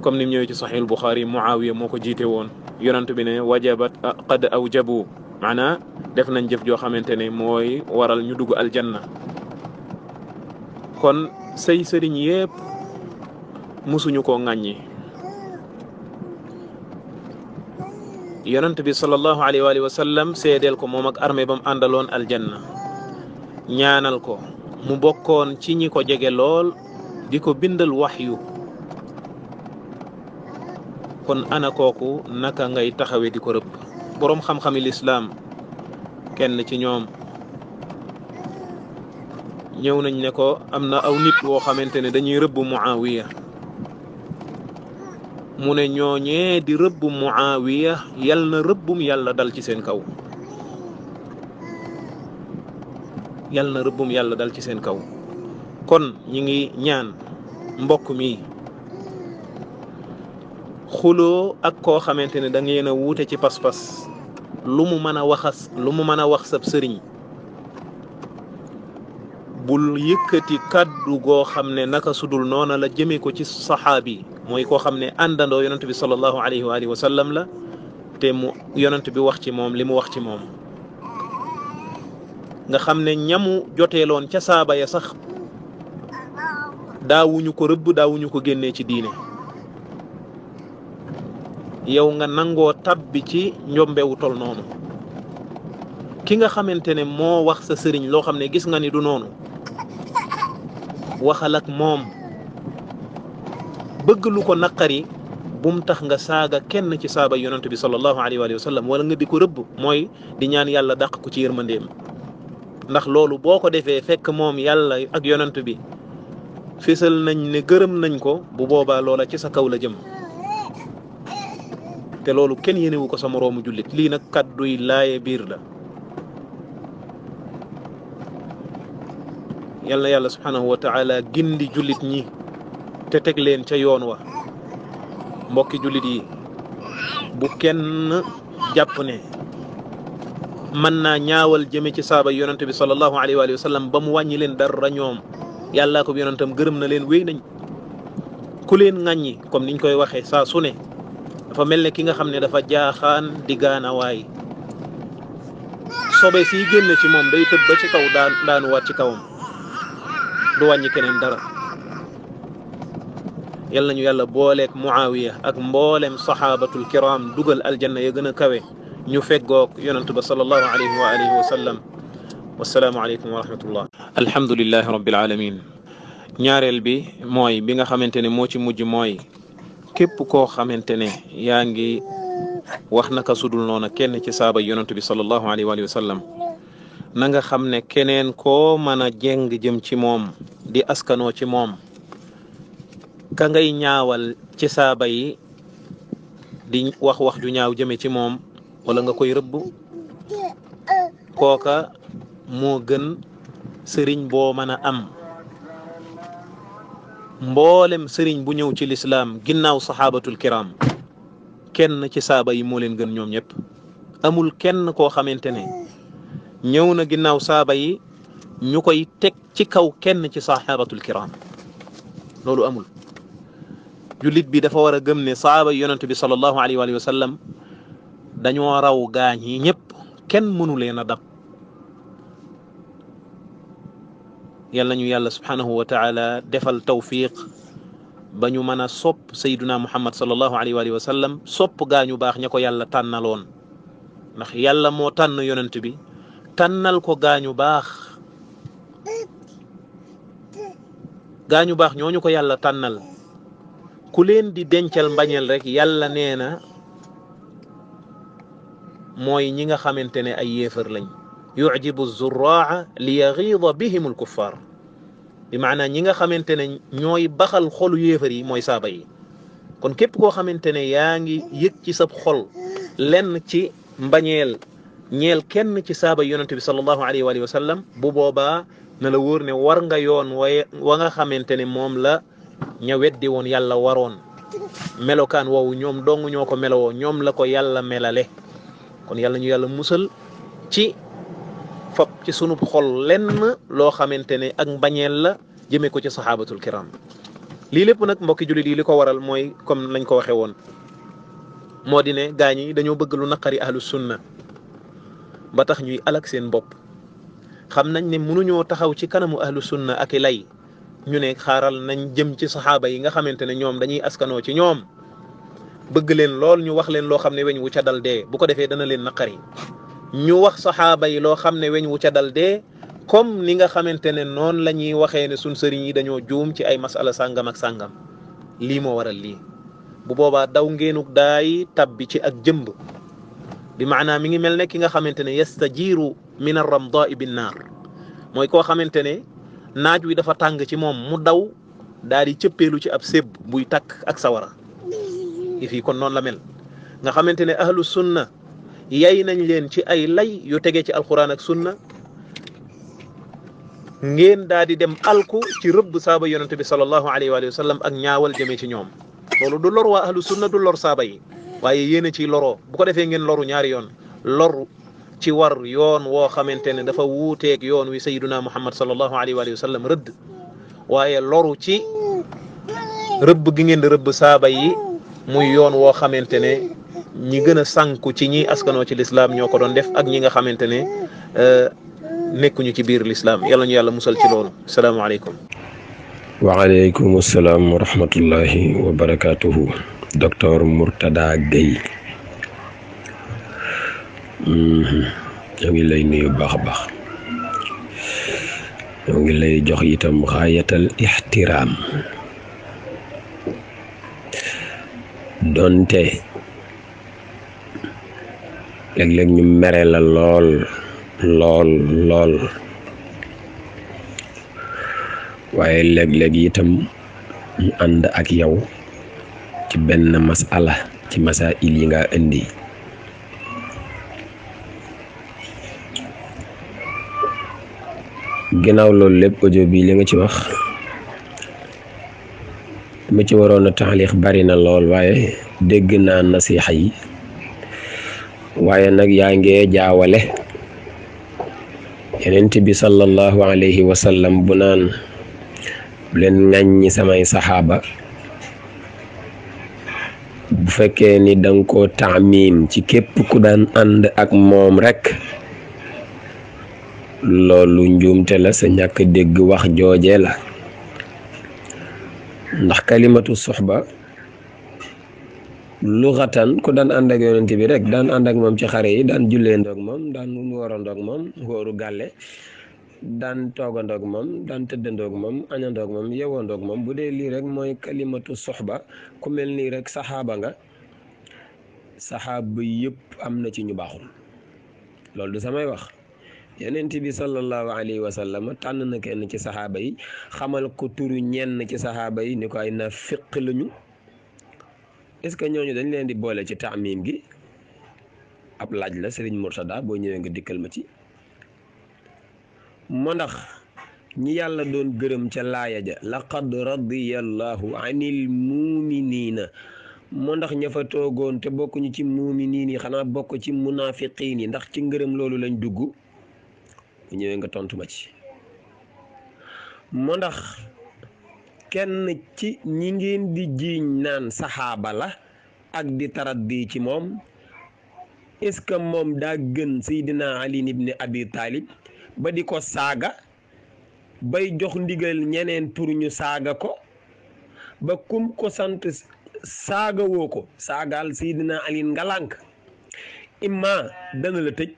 S1: comme ni mu ñëwee ci saxiihul Buxaari Muawiya moo ko jiite woon yonent bi ne wajabat qad awjabu maanaa def nañ jëf joo xamante ne mooy waral ñu dugg aljanna kon say sëriñ yépp musuñu ko ŋàññi yonent bi sallallahu alayhi wa sallam seedeel ko moom ak armée ba mu àndaloon al aljanna ñaanal ko mu bokkoon ci ñi ko jege lool di ko bindal waxyu kon ana kooku naka ngay taxawee di ko rëbb boroom xam-xami lislaam kenn ci ñoom ñëw nañ ne ko am na aw nit woo xamante ne dañuy rëbb mu Muawiya mu ne ñooñee di rëbb Muawiya yal na rëbbum yàlla dal ci seen kaw yal na rëbbum yàlla dal ci seen kaw kon ñi ngi ñaan mbokk mi xuloo ak koo xamante ne da ngeen a wuute ci pas-pas lu mu mën a waxas lu mu mën a wax sab sëriñ bul yëkkati kàddu goo xam ne naka sudul noona la jëmee ko ci saxaabi mooy koo xam ne àndandoo yonent bi sallallahu alayhi wa alihi wa la te mu yonent bi wax ci moom li mu wax ci moom nga xam ne ñamu joteeloon ca saaba ya sax daawuñu ko rëbb daawuñu ko génnee ci diine yow nga nangoo tabbi ci njombewu tol noonu ki nga xamante ne moo wax sa sëriñ loo xam ne gis nga ni du noonu waxal ak moom bëgg lu ko naqari bum tax nga saaga kenn ci saaba yonent bi sallallahu alayhi wa sallam wala nga di ko rëbb mooy di ñaan yàlla dàq ko ci yërmandeem ndax loolu boo ko defee fekk moom yàlla ak yonent bi fésal nañ ne gërëm nañ ko bu boobaa loola ci sa kaw la jëm te loolu kenn yéenewu ko sa moroomu jullit lii nag kàdduy laaye biir la yal na yàlla subhaanahu gindi jullit ñi te teg leen ca yoon wa mbokki jullit yi bu kenn jàpp ne man naa ñaawal jëme ci saaba yonante bi sallallahu alayhi wa ba mu wàññi leen dara ñoom yàllaa ko yonantam gërëm na leen wéy nañ ku leen ŋàññi comme niñ koy waxee saa su ne dafa mel ne ki nga xam ne dafa jaaxaan di gaana gaanawaay sobe siy génn ci moom day tëb ba ci kaw daan daanuwaat ci kawam du wàññi keneen dara yàlla ñu yàlla booleeg muawiya ak mboolem saxaabatul kiram dugal aljanna ya gën a kawe ñu feggoog yonantu ba sallallahu alayhi wa alihi wa sallam wasalaamu alaykum wa rahmatullah alhamdulilahi rabbil alamin ñaareel bi mooy bi nga xamante ne moo ci mujj mooy képp koo xamante ne yaa ngi wax naka sudul noona kenn ci saaba yonent bi sallallahu alayhi wa sallam na nga xam ne keneen koo mën a jeng jëm ci moom di askanoo ci moom ka ngay ñaawal ci saaba yi di wax wax ju ñaaw jëme ci moom wala nga koy rëbb kooka moo gën sëriñ boo mën a am mboolem sëriñ bu ñëw ci lislaam ginnaaw saxaabatul kiram kenn ci saaba yi moo leen gën ñoom ñëpp amul kenn koo xamante ne ñëw na ginnaaw saaba yi ñu koy teg ci kaw kenn ci saxaabatul kiram loolu amul jullit bi dafa war a gëm ne saaba yi yonent bi sallallahu alayhi wa sallam dañoo raw gaañ yi ñëpp kenn mënu leen a dab yàlla ñu yàlla subhaanahu wa taala defal tawfiq ba ñu mën a sopp sayduna muhammad sallallahu alayhi wa sallam sopp gaa ñu baax ña ko yàlla tànnaloon ndax yàlla moo tànn yonent bi tànnal ko gaa ñu baax gaa ñu baax ñooñu ko yàlla tànnal ku leen di dencal mbañeel rek yàlla nee na mooy ñi nga xamante ne ay yéefar lañ يعجب الزراع ليغيظ بهم الكفار بمعنى نيغا خامنتيني نوي بخال خول ييفري موي صابي كون كيب كو خامنتيني ياغي ييكتي ساب خول لن تي مبانيل نيل كين تي صابي يونتبي صلى الله عليه واله وسلم بو بوبا نلا وورني وارغا يون وغا خامنتيني موم لا ña weddi won yalla waron melokan wowo ñom dong ñoko melo ñom la ko yalla melale kon yalla ñu yalla musal ci fab ci sunub xol lenn loo xamante ne ak mbañeel la jëmee ko ci saxaabatul kiram lii lépp nag mbokki jullit yi li ko waral mooy comme lañ ko waxee woon moo di ne gaañ yi dañoo bëgg lu naqari ahlu sunna ba tax ñuy alak seen bopp xam nañ ne mënuñoo taxaw ci kanamu ahlu sunna ak i lay ñu ne xaaral nañ jëm ci saxaaba yi nga xamante ne ñoom dañuy askanoo ci ñoom bëgg leen lool ñu wax leen loo xam ne weñ wu ca dal dee bu ko defee dana leen naqari ñu wax saxaaba yi loo xam ne weñ wu ca dal dee comme ni nga xamante ne noonu la ñuy waxee ne suñ sëriñ yi dañoo juum ci ay masala sàngam ak sàngam lii moo waral lii bu boobaa daw ngeenuk daay bi ci ak jëmb bi maanaam mi ngi mel ne ki nga xamante ne yastajiiru min arramdaai binnaar mooy koo xamante ne naaj wi dafa tàng ci moom mu daw daal di cëppeelu ci ab sébb buy takk ak sawara fii kon noonu la mel nga xamante ne ahlu sunna yay nañ leen ci ay lay yu tege ci alquran ak sunna ngeen daal di dem alku ci rëbb saaba yonent bi sallallahu alayhi wa sallam ak ñaawal jëmee ci ñoom loolu du lor waa ahlu sunna du lor saaba yi waaye yéen ci loro loroo bu ko defee ngeen loru ñaari yoon lor ci war yoon woo xamante ne dafa wuuteek yoon wi sayyiduna muhammad sallallahu alayhi wa sallam rëdd waaye loru ci rëbb gi ngeen di rëbb saaba yi muy yoon woo xamante ne ñi gën a sànku ci ñi askanoo ci lislaam ñoo ko doon def ak ñi nga xamante ne euh, nekkuñu ci biir lislaam yàlla ñu yàlla musal ci loolu salaamaaleykum
S3: waaleykum salaam wa rahmatullahi wa barakaatuhu docteur Mourtada Gueye mm-hmm. ñoo lay nuyu baax a baax ñoo ngi lay jox itam xaayatal ixtiraam donte léeg-léeg ñu mere la lool lool lool waaye léeg-léeg itam ñu ànd ak yow ci benn masala ci masail yi nga indi ginnaaw loolu lépp audio bi li nga ci wax ma ci waroon a taxalix bari na lool waaye dégg naa nasiixa yi waaye nag yaa ngee jaawale yenent bi sallallahu alayhi wa bu naan bu leen ŋàññi samay saxaaba bu fekkee ni danga ko taamim ci képp ku daan ànd ak moom rekk loolu njuumte la sa ñàkk dégg wax jooje la ndax kalimatu suxba luxatan ku daan ànd ak yonent bi rek daan àndak moom ci xare yi daan jullee ndoog moom daan woorandoog moom wóoru gàlle daan toogandoog moom daan tëddandoog moom añandoog moom yewandoog moom bu dee lii rek mooy kalimatu soxba ku mel nii rek saxaaba nga saxaab saxaaba yépp am na ci ñu baaxul loolu du samay wax yonent bi sallallahu alayhi wa sallam tànn na kenn ci saxaaba yi xamal ko turu ñenn ci saxaaba yi ni ko ay nafiq lañu est-ce que ñooñu dañ leen di boole ci taamim gi ab laaj la sëriñ Murtada boo ñëwee nga dikkal ma ci moo ndax ñi yàlla doon gërëm ca laaya ja laqad radiyallahu anil muminina moo ndax ña fa toogoon te bokkuñu ci muminiin yi xanaa bokk ci munafiqiin yi ndax ci ngërëm loolu lañ dugg bu ñëwee nga tontuma ci moo ndax kenn ci ñi ngeen di jiiñ naan saxaaba la ak di bii ci moom est ce que moom daa gën dina Ali ibn Abi Talib ba di ko saaga bay jox ndigal ñeneen pour ñu saaga ko ba kum ko sant saaga woo ko saagaal si Ali nga lànk imma dana la tëj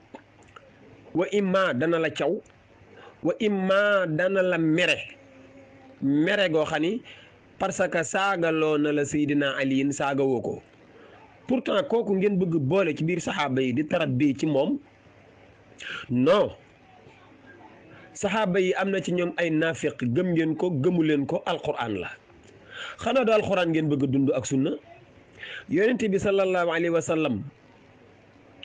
S3: wa imma dana la caw wa imma dana la mere mere goo xam ni parce saagaloo na la Seydina Aliyin saaga ko pourtant kooku ngeen bëgg boole ci biir saxaaba yi di tarab bii ci moom non saxaaba yi am na ci ñoom ay naafiq gëm ngeen ko gëmu leen ko alquran la xanaa daal alquran ngeen bëgg dund ak sunna yonente bi sallallahu alayhi wa sallam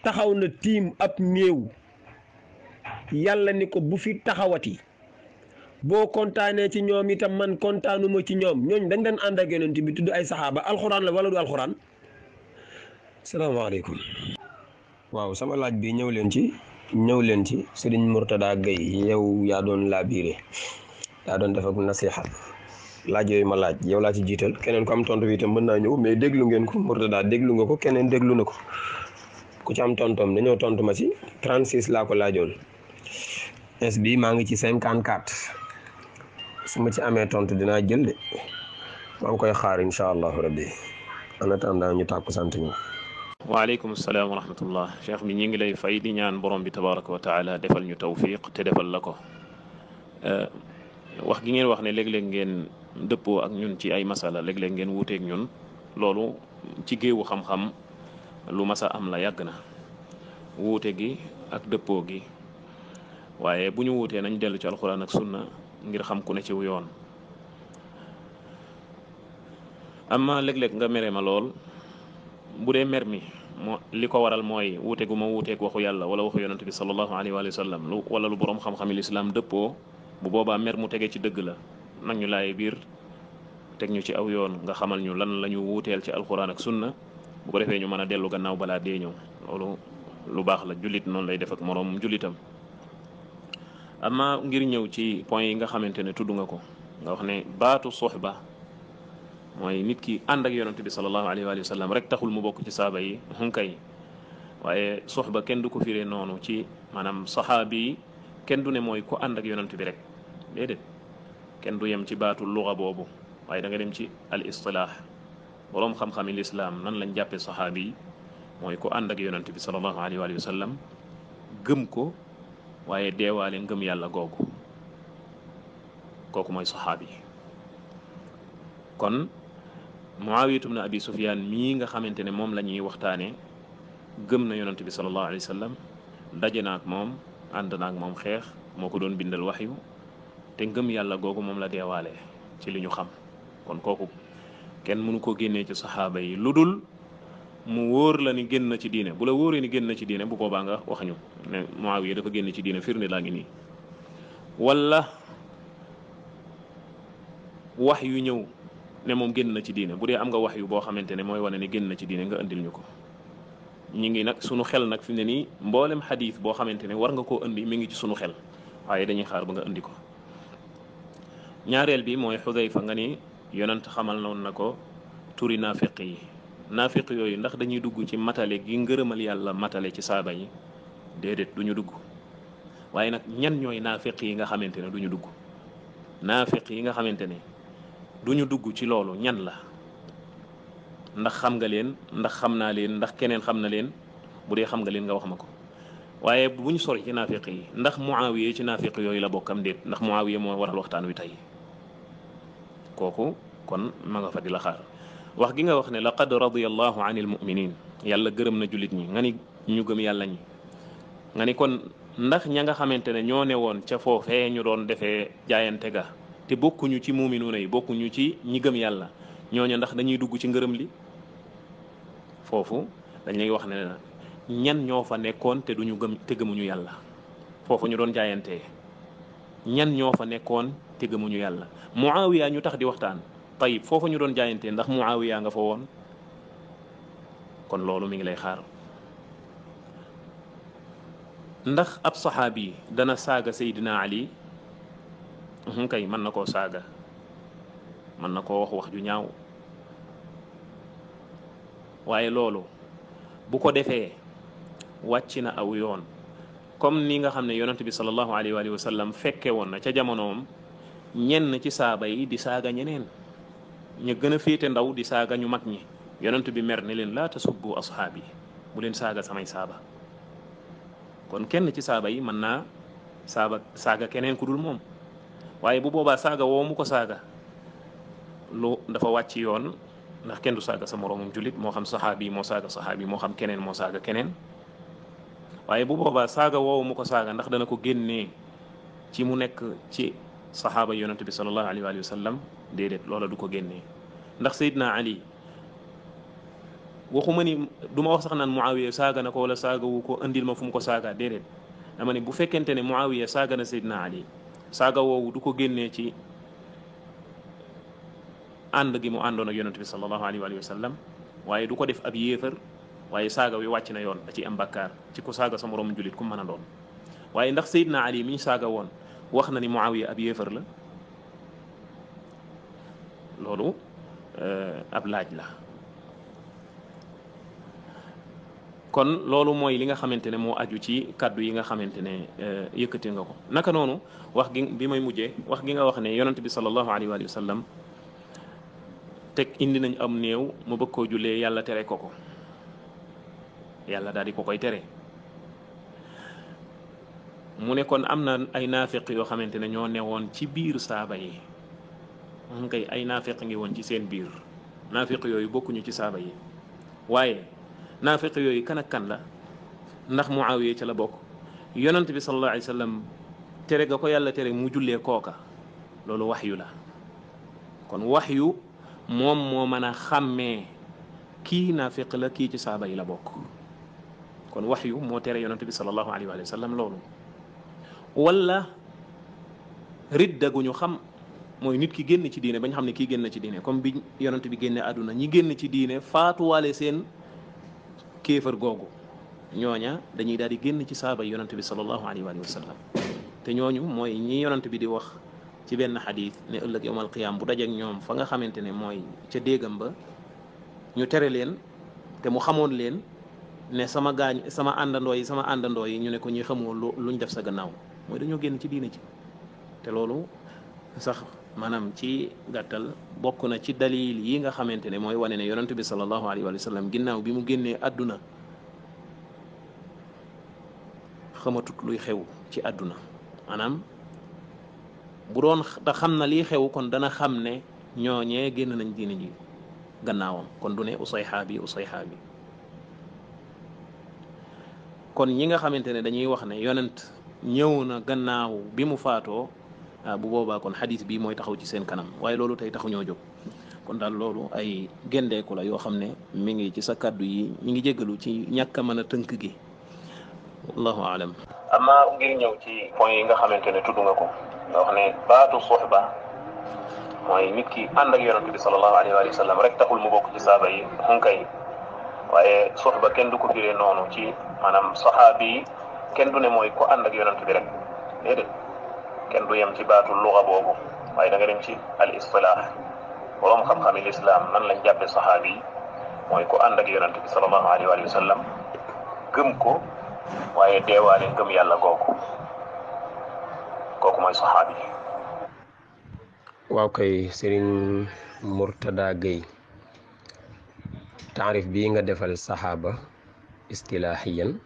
S3: taxaw na tiim ab néew yàlla ni ko bu fi taxawati boo kontaanee ci ñoom itam man kontaanuma ci ñoom ñooñ dañ daan ànd ak ti bi tudd ay saxaaba alxuraan la wala du alxuraan salaamaaleykum waaw sama laaj bi ñëw leen ci ñëw leen ci Serigne Mourtada Gueye yow yaa doon laabiire yaa doon def ak nasiha laaj yooyu ma laaj yow laa ci jiital keneen ko am tontu bi itam mën naa ñëw mais déglu ngeen ko Mourtada déglu nga ko keneen déglu na ko ku ci am tontom dañoo tontu ma ci 36 laa ko laajoon bi maa ngi ci 54. su ci amé tontu dina jël de maa ngi koy xaar inshallah rabbi en attendant ñu tàkku sant ñu.
S1: wa alaykum assalam wa rahmatullah cheikh bi ñi ngi lay fay di ñaan borom bi tabaraka wa taala defal ñu tawfiq te defal lako euh wax gi ngeen wax ne leg leg ngeen depo ak ñun ci ay masala leg leg ngeen wuté ak ñun lolu ci géewu xam-xam lu massa am la yagna wuté gi ak depo gi waye buñu wuté nañ dellu ci alquran ak sunna ngir xam ku ne ciw yoon amma léeg-léeg nga mere ma lool bu dee mer mi moo li ko waral mooy wuute gu ma wuuteeg waxu yàlla wala waxu yonent bi sallallahu alayhi wa sallam lu wala lu boroom xam-xami lislaam dëppoo bu boobaa mer mu tege ci dëgg la nag ñu laay biir teg ñu ci aw yoon nga xamal ñu lan la ñu wuuteel ci alxuraan ak sunna bu ko defee ñu mën a dellu gannaaw balaa dee ñëw loolu lu baax la jullit noonu lay def ak moroom jullitam amma ngir ñëw ci point yi nga xamante ne tudd nga ko nga wax ne baatu suxba mooy nit ki ànd ak yonente bi salallahu alayhi wa sallam rek taxul mu bokk ci saaba yi hunka yi waaye suxba kenn du ko firee noonu ci maanaam sahaabi yi kenn du ne mooy ku ànd ak yonent bi rek déedéet kenn du yem ci baatu luga boobu waaye da nga dem ci al istilaax boroom xam-xami lislaam nan lañ jàppee sahaabi yi mooy ku ànd ak yonent bi salallahu alayhi wa sallam gëm ko waaye deewaale ngëm yàlla googu kooku mooy saxaabi kon muawiyatu bnu abi sufyaan mii nga xamante ne moom la ñuy waxtaane gëm na yonent bi sallallahu alayhi wa sallam daje na ak moom ànd na ak moom xeex moo ko doon bindal waxyu te ngëm yàlla googu moom la deewaale ci li ñu xam kon kooku kenn mënu ko génnee ci saxaaba yi lu dul mu wóor la ni génn na ci diine bu la wóoree ni génn na ci diine bu boobaa nga wax ñu ne muawiya dafa génn ci diine firnde laa ngi nii wala wax yu ñëw ne moom génn na ci diine bu dee am nga wax yu boo xamante ne mooy wane na ci diine nga andil ñu ko ñi ngi nag sunu xel nag fi ne nii mboolem xadiis boo xamante war nga koo andi mi ngi ci sunu xel waaye dañuy xaar ba nga andi ko ñaareel bi mooy xudayfa nga ni yonent xamal noon na ko turi naafiq yooyu ndax dañuy dugg ci matale gi ngërëmal yàlla matale ci saaba yi déedéet du ñu dugg waaye nag ñan ñooy naafiq yi nga xamante ne du ñu dugg naafiq yi nga xamante ne du dugg ci loolu ñan la ndax xam nga leen ndax xam naa leen ndax keneen xam na leen bu dee xam nga leen nga wax ma ko waaye bu ñu sori ci naafiq yi ndax Muawiya ci naafiq yooyu la bokkam déet ndax Muawiya moo waral waxtaan wi tey kooku kon ma nga fa di la xaar. wax gi nga wax ne laqad radiyallahu anil mu'minin yàlla gërëm na jullit ñi nga ni ñu gëm yàlla ñi nga ni kon ndax ña nga xamante ne ñoo ne woon ca foofee ñu doon defee jaayante ga te bokkuñu ci muuminuuna yi bokkuñu ci ñi gëm yàlla ñooñu ndax dañuy dugg ci ngërëm li foofu dañ lay wax ne na ñan ñoo fa nekkoon te duñu gëm te gëmuñu yàlla foofu ñu doon jaayantee ñan ñoo fa nekkoon te gëmuñu yàlla Muawiya ñu tax di waxtaan tayib foofa ñu doon jaayantee ndax muawiya nga fa woon kon loolu mi ngi lay xaar ndax ab saxaabi dana saaga Seydina Ali kay mën na koo saaga mën na koo wax wax ju ñaaw waaye loolu bu ko defee wàcc na aw yoon comme ni nga xam ne yonent bi sallallahu alayhi wa sallam fekke woon na ca jamonoom ñenn ci saaba yi di saaga ñeneen ñu gën a ndaw di saaga ñu mag ñi yonent bi mer ni leen laa tasubbu asxaab yi bu leen saaga samay saaba kon kenn ci saaba yi mën naa saaba saaga keneen ku dul moom waaye bu boobaa saaga woo mu ko saaga lu dafa wàcc yoon ndax kenn sa moroomum jullit moo xam saxaabi yi moo saaga saxaabi yi moo xam keneen moo saaga keneen waaye bu boobaa saaga woowu mu ko saaga ndax dana ko génnee ci mu nekk ci saxaaba yonent bi sallallahu alayhi wa sallam déedéet loola du ko génnee ndax Seydina Ali waxuma ni du ma wax sax naan Muawiya saaga na ko wala saaga ko andil ma fu mu ko saaga déedéet dama ne bu fekkente ne Muawiya saaga na Seydina Ali saaga woowu du ko génnee ci ànd gi mu àndoon ak yonent bi sallallahu alayhi wa waaye du ko def ab yéefar waaye saaga wi wàcc na yoon da ci am bakkaar ci ko saaga sa moroom julit ku mën a doon waaye ndax Seydina Ali mi saaga woon. wax na ni Muawiya ab yéefar la loolu ab laaj la kon loolu mooy li nga xamante ne moo aju ci kàddu yi nga xamante ne yëkkati nga ko naka noonu wax gi bi may mujjee wax gi nga wax ne yonent bi sallallahu alayhi wa sallam teg indi nañ am néew mu bëgg koo jullee yàlla tere ko ko yàlla daal di ko koy tere mu ne kon am na ay naafiq yoo xamante ne ñoo newoon ci biir saaba yi moom kay ay naafiq ngi woon ci seen biir naafiq yooyu bokkuñu ci saaba yi waaye naafiq yooyu kan ak kan la ndax Muawiya ca la bokk yonant bi sallallahu alayhi wa sallam tere ga ko yàlla tere mu jullee kooka loolu waxyu la kon waxyu moom moo mën a xàmmee kii naafiq la kii ci saaba yi la bokk kon waxyu moo tere yonant bi sallallahu alayhi wa sallam loolu wala ridda gu ñu xam mooy nit ki génn ci diine bañ xam ne kii génn ci diine comme bi yonent bi génne àdduna ñi génn ci diine faatuwaale seen kéefar googu ñooña dañuy daal di génn ci saaba yonant bi sallallahu alayhi wa sallam te ñooñu mooy ñi yonent bi di wax ci benn xadis ne ëllëg yowmal qiyaam bu dajeek ñoom fa nga xamante ne mooy ca déegam ba ñu tere leen te mu xamoon leen ne sama gaañ sama àndandoo yi sama àndandoo yi ñu ne ko ñuy xamoo luñ def sa gannaaw mooy dañoo génn ci diine ci te loolu sax maanaam ci gàttal bokk na ci dalil yi nga xamante ne mooy wane ne yonent bi sallallahu alayhi wa sallam ginnaaw bi mu génnee àdduna xamatut luy xew ci àdduna maanaam bu doon xam na liy xew kon dana xam ne ñooñee génn nañ diine ji gannaawam kon du ne usayxaa bi usayxaa bi kon ñi nga xamante ne dañuy wax ne yonent ñëw na gannaaw bi mu faatoo ah, bu boobaa kon xadis bi mooy taxaw ci seen kanam waaye loolu tey taxuñoo jóg kon daal loolu ay gendeeku la yoo xam ne mi ngi ci sa kàddu yi mi ngi jégalu ci ñàkk a mën a tënk gi wallahu alam amma ngir ñëw ci point yi nga xamante ne tudd nga ko nga wax ne baatu soxba mooy nit ki ànd ak yonent bi sallallahu alayhi wa sallam rek taxul mu bokk ci saaba yi xunka yi waaye soxba kenn du ko firee noonu ci maanaam saxaabi yi kenn du ne mooy ko ànd ak yonent bi rek déedéet kenn du yem ci baatu luxa boobu waaye da dem ci al istilaah borom xam-xami lislaam nan lañ jàppe saxaabi yi ko ànd ak yonent bi sallallahu alayhi wa sallam gëm ko waaye deewaale gëm yàlla googu
S3: kooku mooy saxaabi yi waaw kay Serigne Mourtada Gueye taarif bii nga defal saxaaba istilaahiyan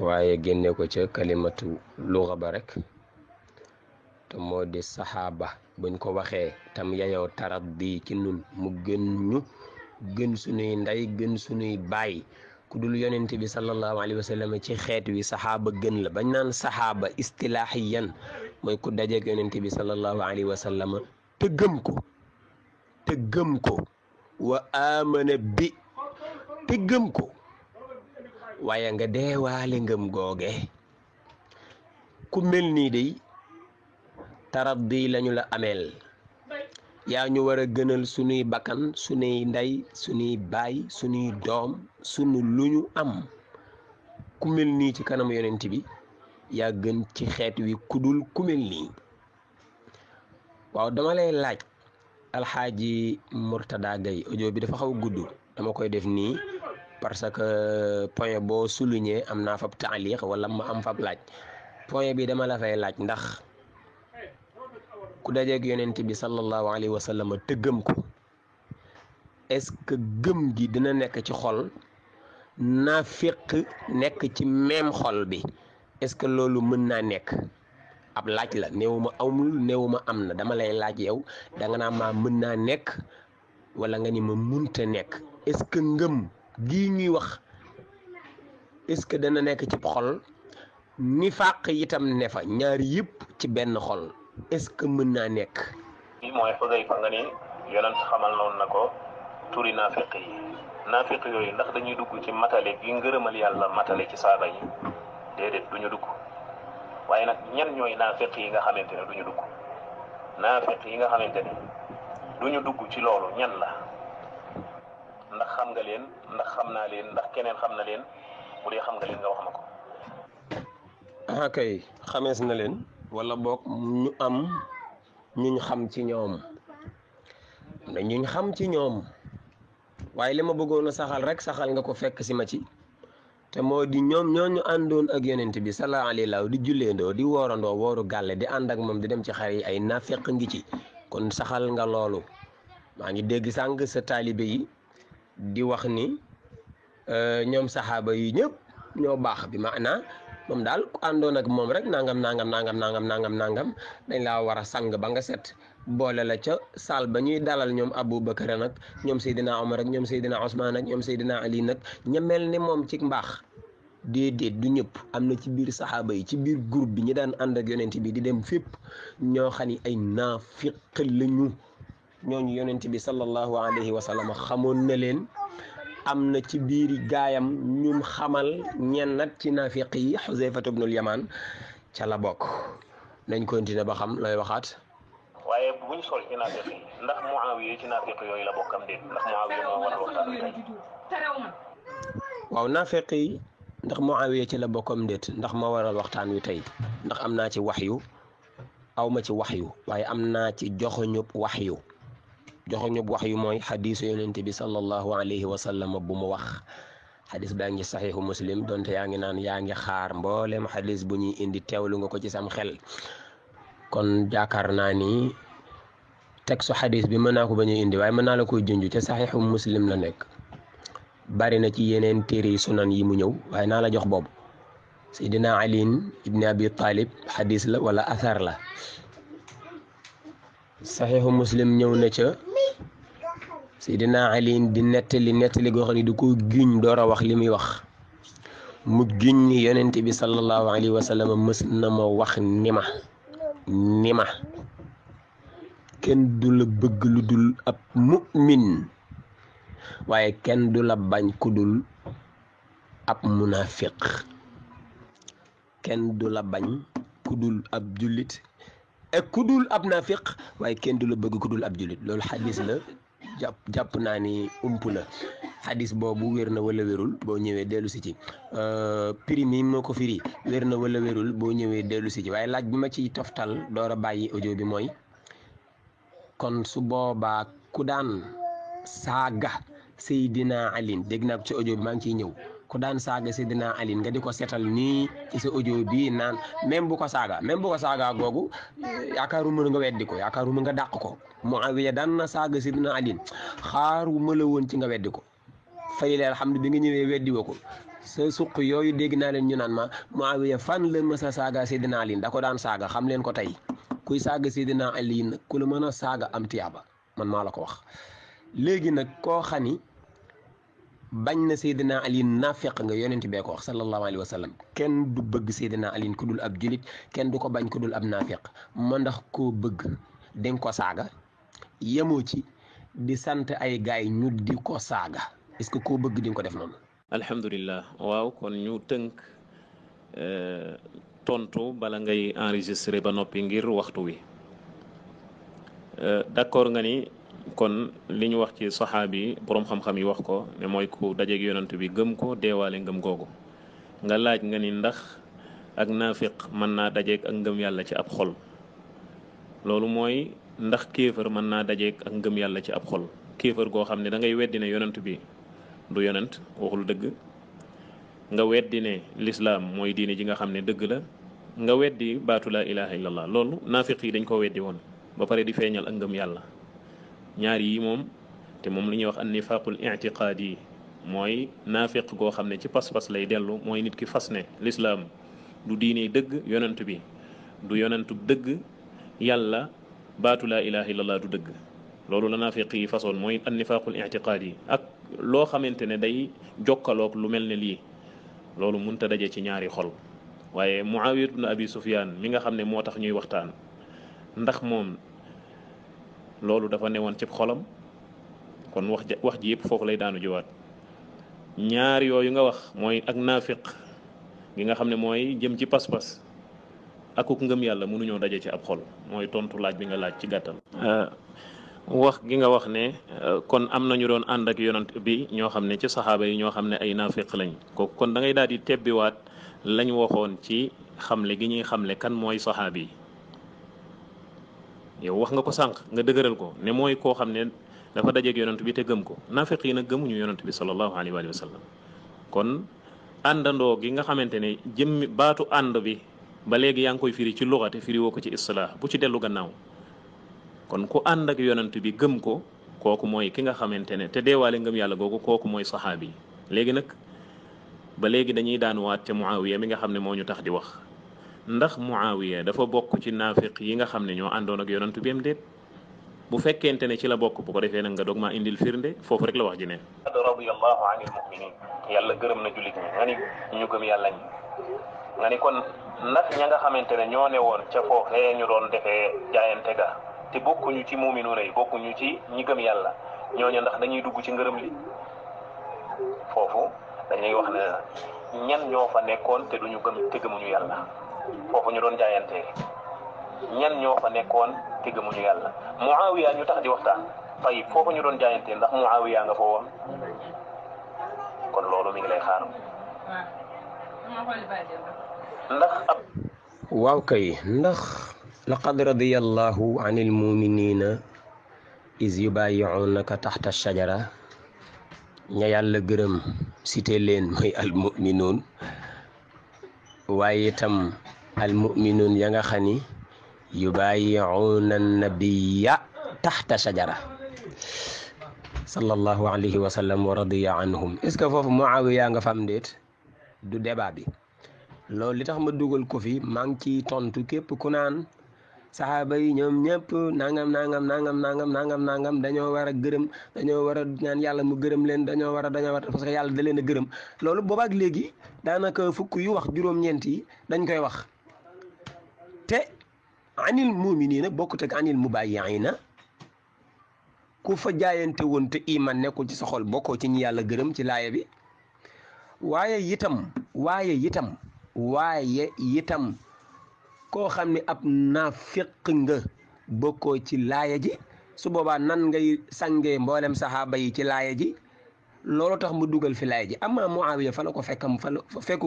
S3: waaye génne ko ca kalimatu luxa ba rek te moo di saxaaba buñ ko waxee tam yayoo tarat bi ci nun mu gën ñu gën sunuy ndey gën sunuy baay ku dul yonent bi sallallahu alayhi wa ci xeet wi saxaaba gën la bañ naan saxaaba istilaahiyan mooy ku dajeeg yonent bi sallallahu alayhi wa sallam te gëm ko gëm ko wa amana bi te gëm ko waaye nga deewaale ngëm googe ku nii nii day taraddi lañu la ameel yaa ñu war a gënal sunuy bakkan sunuy ndey sunuy baay sunuy doom sunu lu ñu am ku mel nii ci kanam yonent bi yaa gën ci xeet wi kudul ku nii waaw dama lay laaj alxaaji Murtada Gay audio bi dafa xaw gudd dama koy def nii parce que point bo souligné amna fa ta'liq wala ma am fa laaj point bi dama la fay laaj ndax ku ak yonent bi sallallahu alayhi wa sallam te gëm ko est-ce que gëm gi dina nek ci xol nafiq nek ci même xol bi est-ce que lolu mën na nek ab laaj la newuma amul newuma amna dama lay laaj yow da nga na ma mën na nek wala nga ni ma munta nek est-ce que ngëm gii ñuy wax est-ce que dana nekk ci xol nifaaq itam ne fa ñaar yëpp ci benn xol est-ce que mën naa nekk.
S1: lii mooy Xudayfa nga ni yonent xamal noonu na ko turi naafiq yi naafiq yooyu ndax dañuy dugg ci matale gi ngërëmal yàlla matale ci saaba yi déedéet du ñu dugg waaye nag ñan ñooy naafiq yi nga xamante ne du dugg yi nga xamante ne du dugg ci loolu ñan la. ndax xam nga leen ndax xam naa leen ndax keneen xam na leen bu dee xam nga leen nga wax ma ko.
S3: akay ah, xamees na leen wala boog ñu am ñuñ xam ci ñoom na ñuñ xam ci ñoom waaye li ma bëggoon a saxal rek saxal nga ko fekk si ma ci te moo di ñoom ñoo ñu àndoon ak yonent bi sallallahu alayhi wa di julleendoo di worandoo wooru gàlle di ànd ak moom di dem ci xar yi ay naafeq ngi ci kon saxal nga loolu maa ngi dégg sànq sa taalibe yi. di wax ni euh, ñoom saxaaba yi ñëpp ñoo baax bi naa moom daal ku àndoon ak moom rek nangam nangam nangam nangam nangam nangam dañ laa war a sang ba nga set boole la ca saal ba ñuy dalal ñoom Aboubacar nag ñoom Seydina Omar rek ñoom Seydina Ousmane nag ñoom Seydina Ali nag ña mel ni moom ci mbaax déedéet du ñëpp am na ci biir saxaaba yi ci biir groupe bi ñu daan ànd ak yonent bi di dem fépp ñoo xam ni ay naafiq lañu ñoo ñu yonent bi sallallahu alayhi wa sallam xamoon na leen am na ci biiri gaayam ñum xamal ñen ñennat ci nafiq yi xuseyfatu bnul yamaan ca la bokk nañ continuer ba xam lay waxaat
S1: waaye buñ sol ci naafiq yi ndax muawiya ci naafiq yooyu la bokkam déet ndax muawiya moo war waxtaan
S3: waaw naafiq yi ndax muawiya ci la bokkam déet ndax ma waral waxtaan wi tey ndax am naa ci wax yu aw ma ci wax yu waaye am naa ci joxoñub wax yu joxuñu wax yu mooy xadiisu yonent bi sallallahu alayhi wa sallam bu mu wax xadis baa ngi saxiixu muslim donte yaa ngi naan yaa ngi xaar mboolem xadis bu ñuy indi teewlu nga ko ci sam xel kon jaakaar naa ni texte xadis bi mën naa ko bañ indi waaye mën naa la koy junj ca saxiixu muslim la nekk bari na ci yeneen téere sunan yi mu ñëw waaye naa la jox boobu Seydina Ali ibn Abi Talib xadis la wala asar la saxiixu muslim ñëw na ca. سيدنا علي دي نتالي نتالي غوخني دوكو غين دورا واخ لي مي واخ مو غين يونتي بي صلى الله عليه وسلم مسنا ما واخ نيما نيما كين دولا بغ لودول اب مؤمن واي كين دولا باج كودول اب منافق كين دولا باج كودول اب جوليت كودول اب نافق واي كين دولا بغ كودول اب جوليت لول حديث لا jàpp jàpp naa ni ump la xadis boobu wér na wala wérul boo ñëwee dellu si ci euh, prix mi moo ko firi wér na wala wérul boo ñëwee dellusi ci waaye laaj bi ma ciy toftal door a bàyyi audio bi mooy kon su boobaa ku daan saaga Seydina Alin dégg naa ko ci audio bi maa ngi ciy ñëw ku daan saaga Seydina Ali nga di ko seetal nii ci sa audio bii naan même bu ko saaga même bu ko saaga googu yaakaaruma nga weddi ko yaakaaruma nga dàq ko Muawiya daan na saaga Seydina Ali xaaruma la woon ci nga weddi ko fay la alhamdu bi nga ñëwee weddi woo ko sa suq yooyu dégg naa leen ñu naan ma Muawiya fan la mës a saaga Seydina Ali da ko daan saaga xam leen ko tey kuy saaga Seydina Ali nag ku la mën a saaga am tiyaaba man maa la ko wax léegi nag koo xani bañ na sayidina ali nafiq nga yonenti be ko wax sallallahu alaihi wasallam ken du bëgg sayidina ali ku dul ab julit ken du ko bañ ku dul ab nafiq mo ndax ko bëgg den ko saga yemo ci di sante ay gaay ñu di ko saga est ce ko bëgg di ko def non
S1: alhamdulillah waaw kon ñu euh tonto bala ngay enregistrer ba nopi ngir waxtu wi d'accord nga ni kon li ñu wax ci saxaabi yi boroom xam-xam yi wax ko ne mooy ku dajeeg yonent bi gëm ko deewaale ngëm googu nga laaj nga ni ndax ak naafiq mën naa dajeeg ak ngëm yàlla ci ab xol loolu mooy ndax kéefër mën naa dajeeg ak ngëm yàlla ci ab xol kéefër goo xam ne dangay ngay weddi ne yonent bi du yonent waxul dëgg nga weddi ne lislaam mooy diine ji nga xam ne dëgg la nga weddi baatu laa ilaha illallah loolu naafiq yi dañ ko weddi woon ba pare di feeñal ak ngëm yàlla ñaar yi moom te moom lu ñuy wax an nifaqul i'tiqaadi mooy naafiq goo xam ne ci pas-pas lay dellu mooy nit ki fas ne lislaam du diine dëgg yonent bi du yonentu dëgg yàlla baatu laa ilaha illallah du dëgg loolu la naafiq yi fasoon mooy an nifaqul i'tiqaadi ak loo xamante ne day jokkaloog lu mel ne lii loolu munta daje ci ñaari xol waaye muawiyat abi sufyaan mi nga xam ne moo tax ñuy waxtaan ndax moom loolu dafa newoon ci xolam kon wax wax ji yëpp foofu lay daanu jiwaat ñaar yooyu nga wax mooy ak naafiq gi nga xam ne mooy jëm ci pas-pas akuk ngëm yàlla mënuñoo daje ci ab xol mooy tontu laaj bi nga laaj ci gàttal. Euh, wax gi nga wax ne euh, kon am na ñu doon ànd ak yonant bi ñoo xam ne ci saxaaba yi ñoo xam ne ay naafiq lañ kooku kon da ngay daal di tebbiwaat lañ waxoon ci xamle gi ñuy xamle kan mooy saxaab yi. yow wax nga ko sànq nga dëgëral ko ne mooy koo xam ne dafa dajeeg yonent bi te gëm ko nafiq yi nag gëmuñu yonent bi sallallahu alayhi wa sallam kon àndandoo gi nga xamante ne jëmmi baatu ànd bi ba léegi yaa ngi koy firi ci luga te firi woo ko ci islah bu ci dellu gannaaw kon ku ànd ak yonent bi gëm ko kooku mooy ki nga xamante ne te deewaale ngëm yàlla googu kooku mooy sahaabi yi léegi nag ba léegi dañuy daan waat ca muawiya mi nga xam ne moo ñu tax di wax ndax muawiya dafa bokk ci naafiq yi nga xam ne ñoo àndoon ak yonantu bi am déet bu fekkente ne ci la bokk bu ko defee nag nga doog maa indil firnde foofu rek la wax ji ne radiyallahu anil muminin yàlla gërëm na jullit ñi nga ñu gëm yàlla ñi kon ndax ña nga xamante ne ñoo woon ca foofee ñu doon defee jaayante ga te bokkuñu ci muminuuna yi bokkuñu ci ñi gëm yàlla ñooñu ndax dañuy dugg ci ngërëm li foofu dañuy wax ñan ñoo fa nekkoon te ñu gëm te gëmuñu yàlla foofu ñu doon jaayantee ñan ñoo fa nekkoon te gëmuñu yàlla Muawiya ñu tax di waxtaan tayib foofu ñu doon jaayantee ndax Muawiya nga fa woon kon loolu mi ngi lay xaar ndax ab
S3: waaw kay ndax laqad radiyallahu anil muminina is yubayi'unaka taxta shajara ña yàlla gërëm cité leen mooy almuminoon waaye itam almuminuun ya nga xam ni yubayiuuna nabiya taxta sajara sallallahu alayhi wa sallam wa radiya anhum est ce que foofu Muawiya nga fam ndéet du débat bi loolu li tax ma dugal ko fi maa ngi ciy tontu képp ku naan saxaaba yi ñoom ñëpp nangam nangam nangam nangam nangam nangam dañoo war a gërëm dañoo war a ñaan yàlla mu gërëm leen dañoo war a dañoo war a parce que yàlla da leen a gërëm loolu boobaak léegi daanaka fukk yu wax juróom-ñeent yi dañ koy wax te anil muminina bokkut ak anil mubayiina ku fa jaayante woon te iman nekkul ci sa bokkoo ci ñi yàlla gërëm ci laaye bi waaye itam waaye itam waaye itam koo xam ni ab naafiq nga bokkoo ci laaya ji su boobaa nan ngay sangee mboolem saxaaba yi ci laaya ji loolu tax mu dugal fi laaya ji amaa Muawiya fa la ko fekkam fa la fekku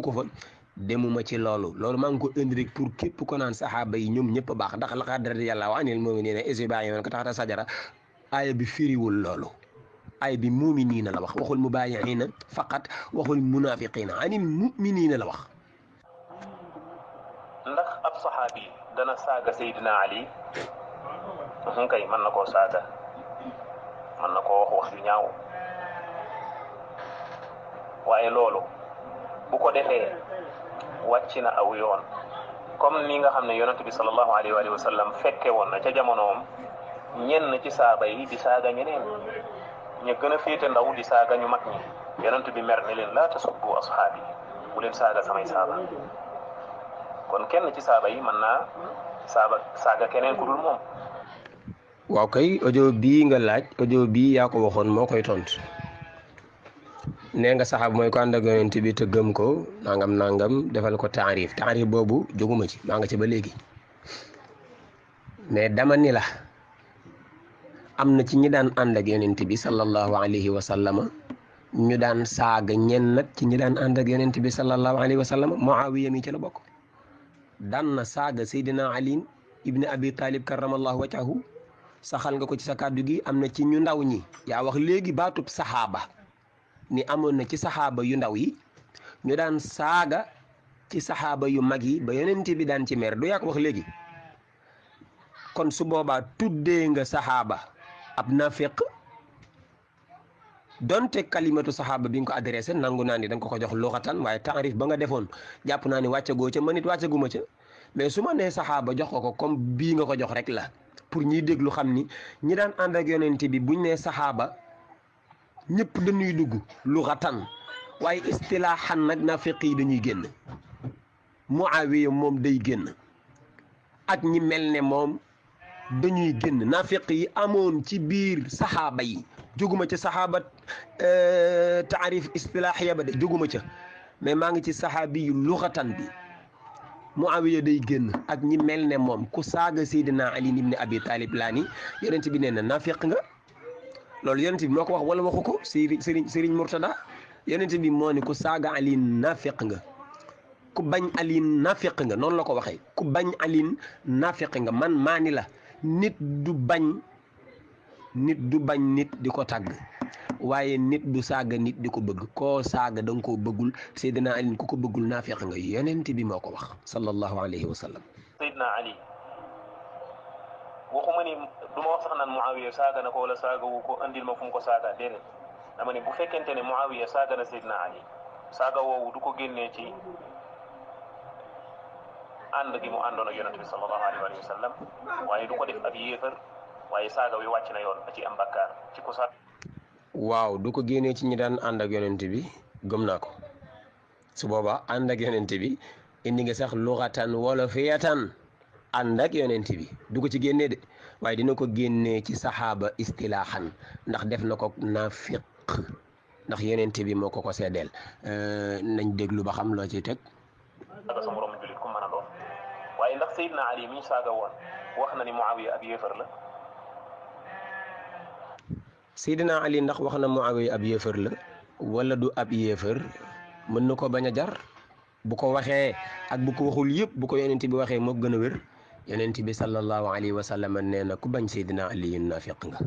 S3: demuma ci lolu lolu maa ngi ko indi rek pour kep ko nan sahaba yi ñom ñëpp baax ndax la qadar yàlla wa anil muminina isba bàyyi ko taxata sajara ay bi firiwul lolu ay bi mu'minina la wax waxul mubayina faqat waxul munafiqina ani muminina la wax
S1: ndax ab sahabi dana saga sayyidina Ali kay man nako saga man nako wax wax yu ñaaw waaye bu ko defee wàcc na aw yoon comme ni nga xam ne yonent bi sallallahu alayhi wa sallam fekke woon na ca jamonoom ci saaba yi di saaga ñeneen ñu gën a féete ndaw di saaga ñu mag ñi yonent bi mer ne leen laa tasubbu ashaabi bu leen saaga samay saaba kon kenn ci saaba yi mën naa saaba saaga keneen ku dul moom.
S3: waaw kay audio bii nga laaj audio bi yaa ko waxoon moo koy tontu. nee nga saxaab mooy ko ànd ak bi te gëm ko nangam nangam defal ko taarif taarif boobu jóguma ci maa nga ci ba léegi mais dama ni la am na ci ñi daan ànd ak yonent bi sallallahu alayhi wa sallama ñu daan saaga ñenn nag ci ñi daan ànd ak yonent bi sallallahu alayhi wa sallama Muawiya mi ci la bokk daan na saaga Seydina Ali ibni Abi Talib karamallahu wajhahu saxal nga ko ci sa kàddu gi am na ci ñu ndaw ñi yaa wax léegi baatub saxaaba ni amoon na ci saxaaba yu ndaw yi ñu daan saaga ci saxaaba yu mag yi ba yonent bi daan ci mer du yàq wax léegi kon su boobaa tuddee nga saxaaba ab nafiq donte kalimatu saxaaba bi nga ko adressé nangu naa ni da ko ko jox luxatan waaye taarif ba nga defoon jàpp naa ni wàccagoo ca man it wàccaguma ca mais su ma nee saxaaba jox ko ko comme bii nga ko jox rek la pour ñiy déglu xam ni ñi daan ànd ak bi buñ nee saxaaba ñëpp dañuy dugg luxatan waaye istilaaxan nag naafeq yi dañuy génn mu muawiya moom day génn ak ñi mel ne moom dañuy génn naafeq yi amoon ci biir saxaaba yi jóguma ca saxaaba euh, taarif istilaaxiya ba de jóguma ca mais maa ngi ci saxaabi yu luxatan bi muawiya day génn ak ñi mel ne moom ku saaga seydina ali ibni abi taalib laa ni yonent bi nee na naafeq nga loolu yonent bi moo ko wax wala waxu ko Serigne Serigne Mourtada yonent bi moo ni ku saaga Ali naafeq nga ku bañ Ali naafeq nga noonu la ko waxee ku bañ Ali naafeq nga man maa ni la nit du bañ nit du bañ nit di ko tàgg waaye nit du saaga nit di ko bëgg ko saaga da nga koo bëggul Seydina Ali ku ko bëggul naafeq nga yonent bi moo ko wax sallallahu alayhi wa
S1: waxuma ni du ma wax sax naan Muawiya saaga na ko wala saaga wu ko andil ma fu ko saaga déedéet dama ne bu fekkente ne Muawiya saaga na Seydina Ali saaga woowu du ko génnee ci ànd gi mu àndoon ak yonent bi sallallahu alayhi ko def ab yéefar waaye saaga wi wàcc na yoon da ci am bakkaar ci ko sa
S3: du ko génnee ci ñi daan ànd ak yonent bi gëm naa ko su boobaa ànd ak yonent ànd ak yonent bi du ko ci génnee de waaye dina ko génnee ci saxaaba istilaaxan ndax def na ko naafiq ndax yonent bi moo ko ko seddeel euh, nañ déglu ba xam loo ci teg
S1: saaga ndax Ali wax na ni ab yéefar la
S3: ndax wax na Muawiya ab yéefar wala du ab yéefar mën na ko bañ a jar bu ko waxee ak bu ko waxul yépp bu ko yonent bi waxee moo gën a wér yonent bi sallallahu alayhi wa sallam nee na ku bañ Seydina Aliyun naafiq nga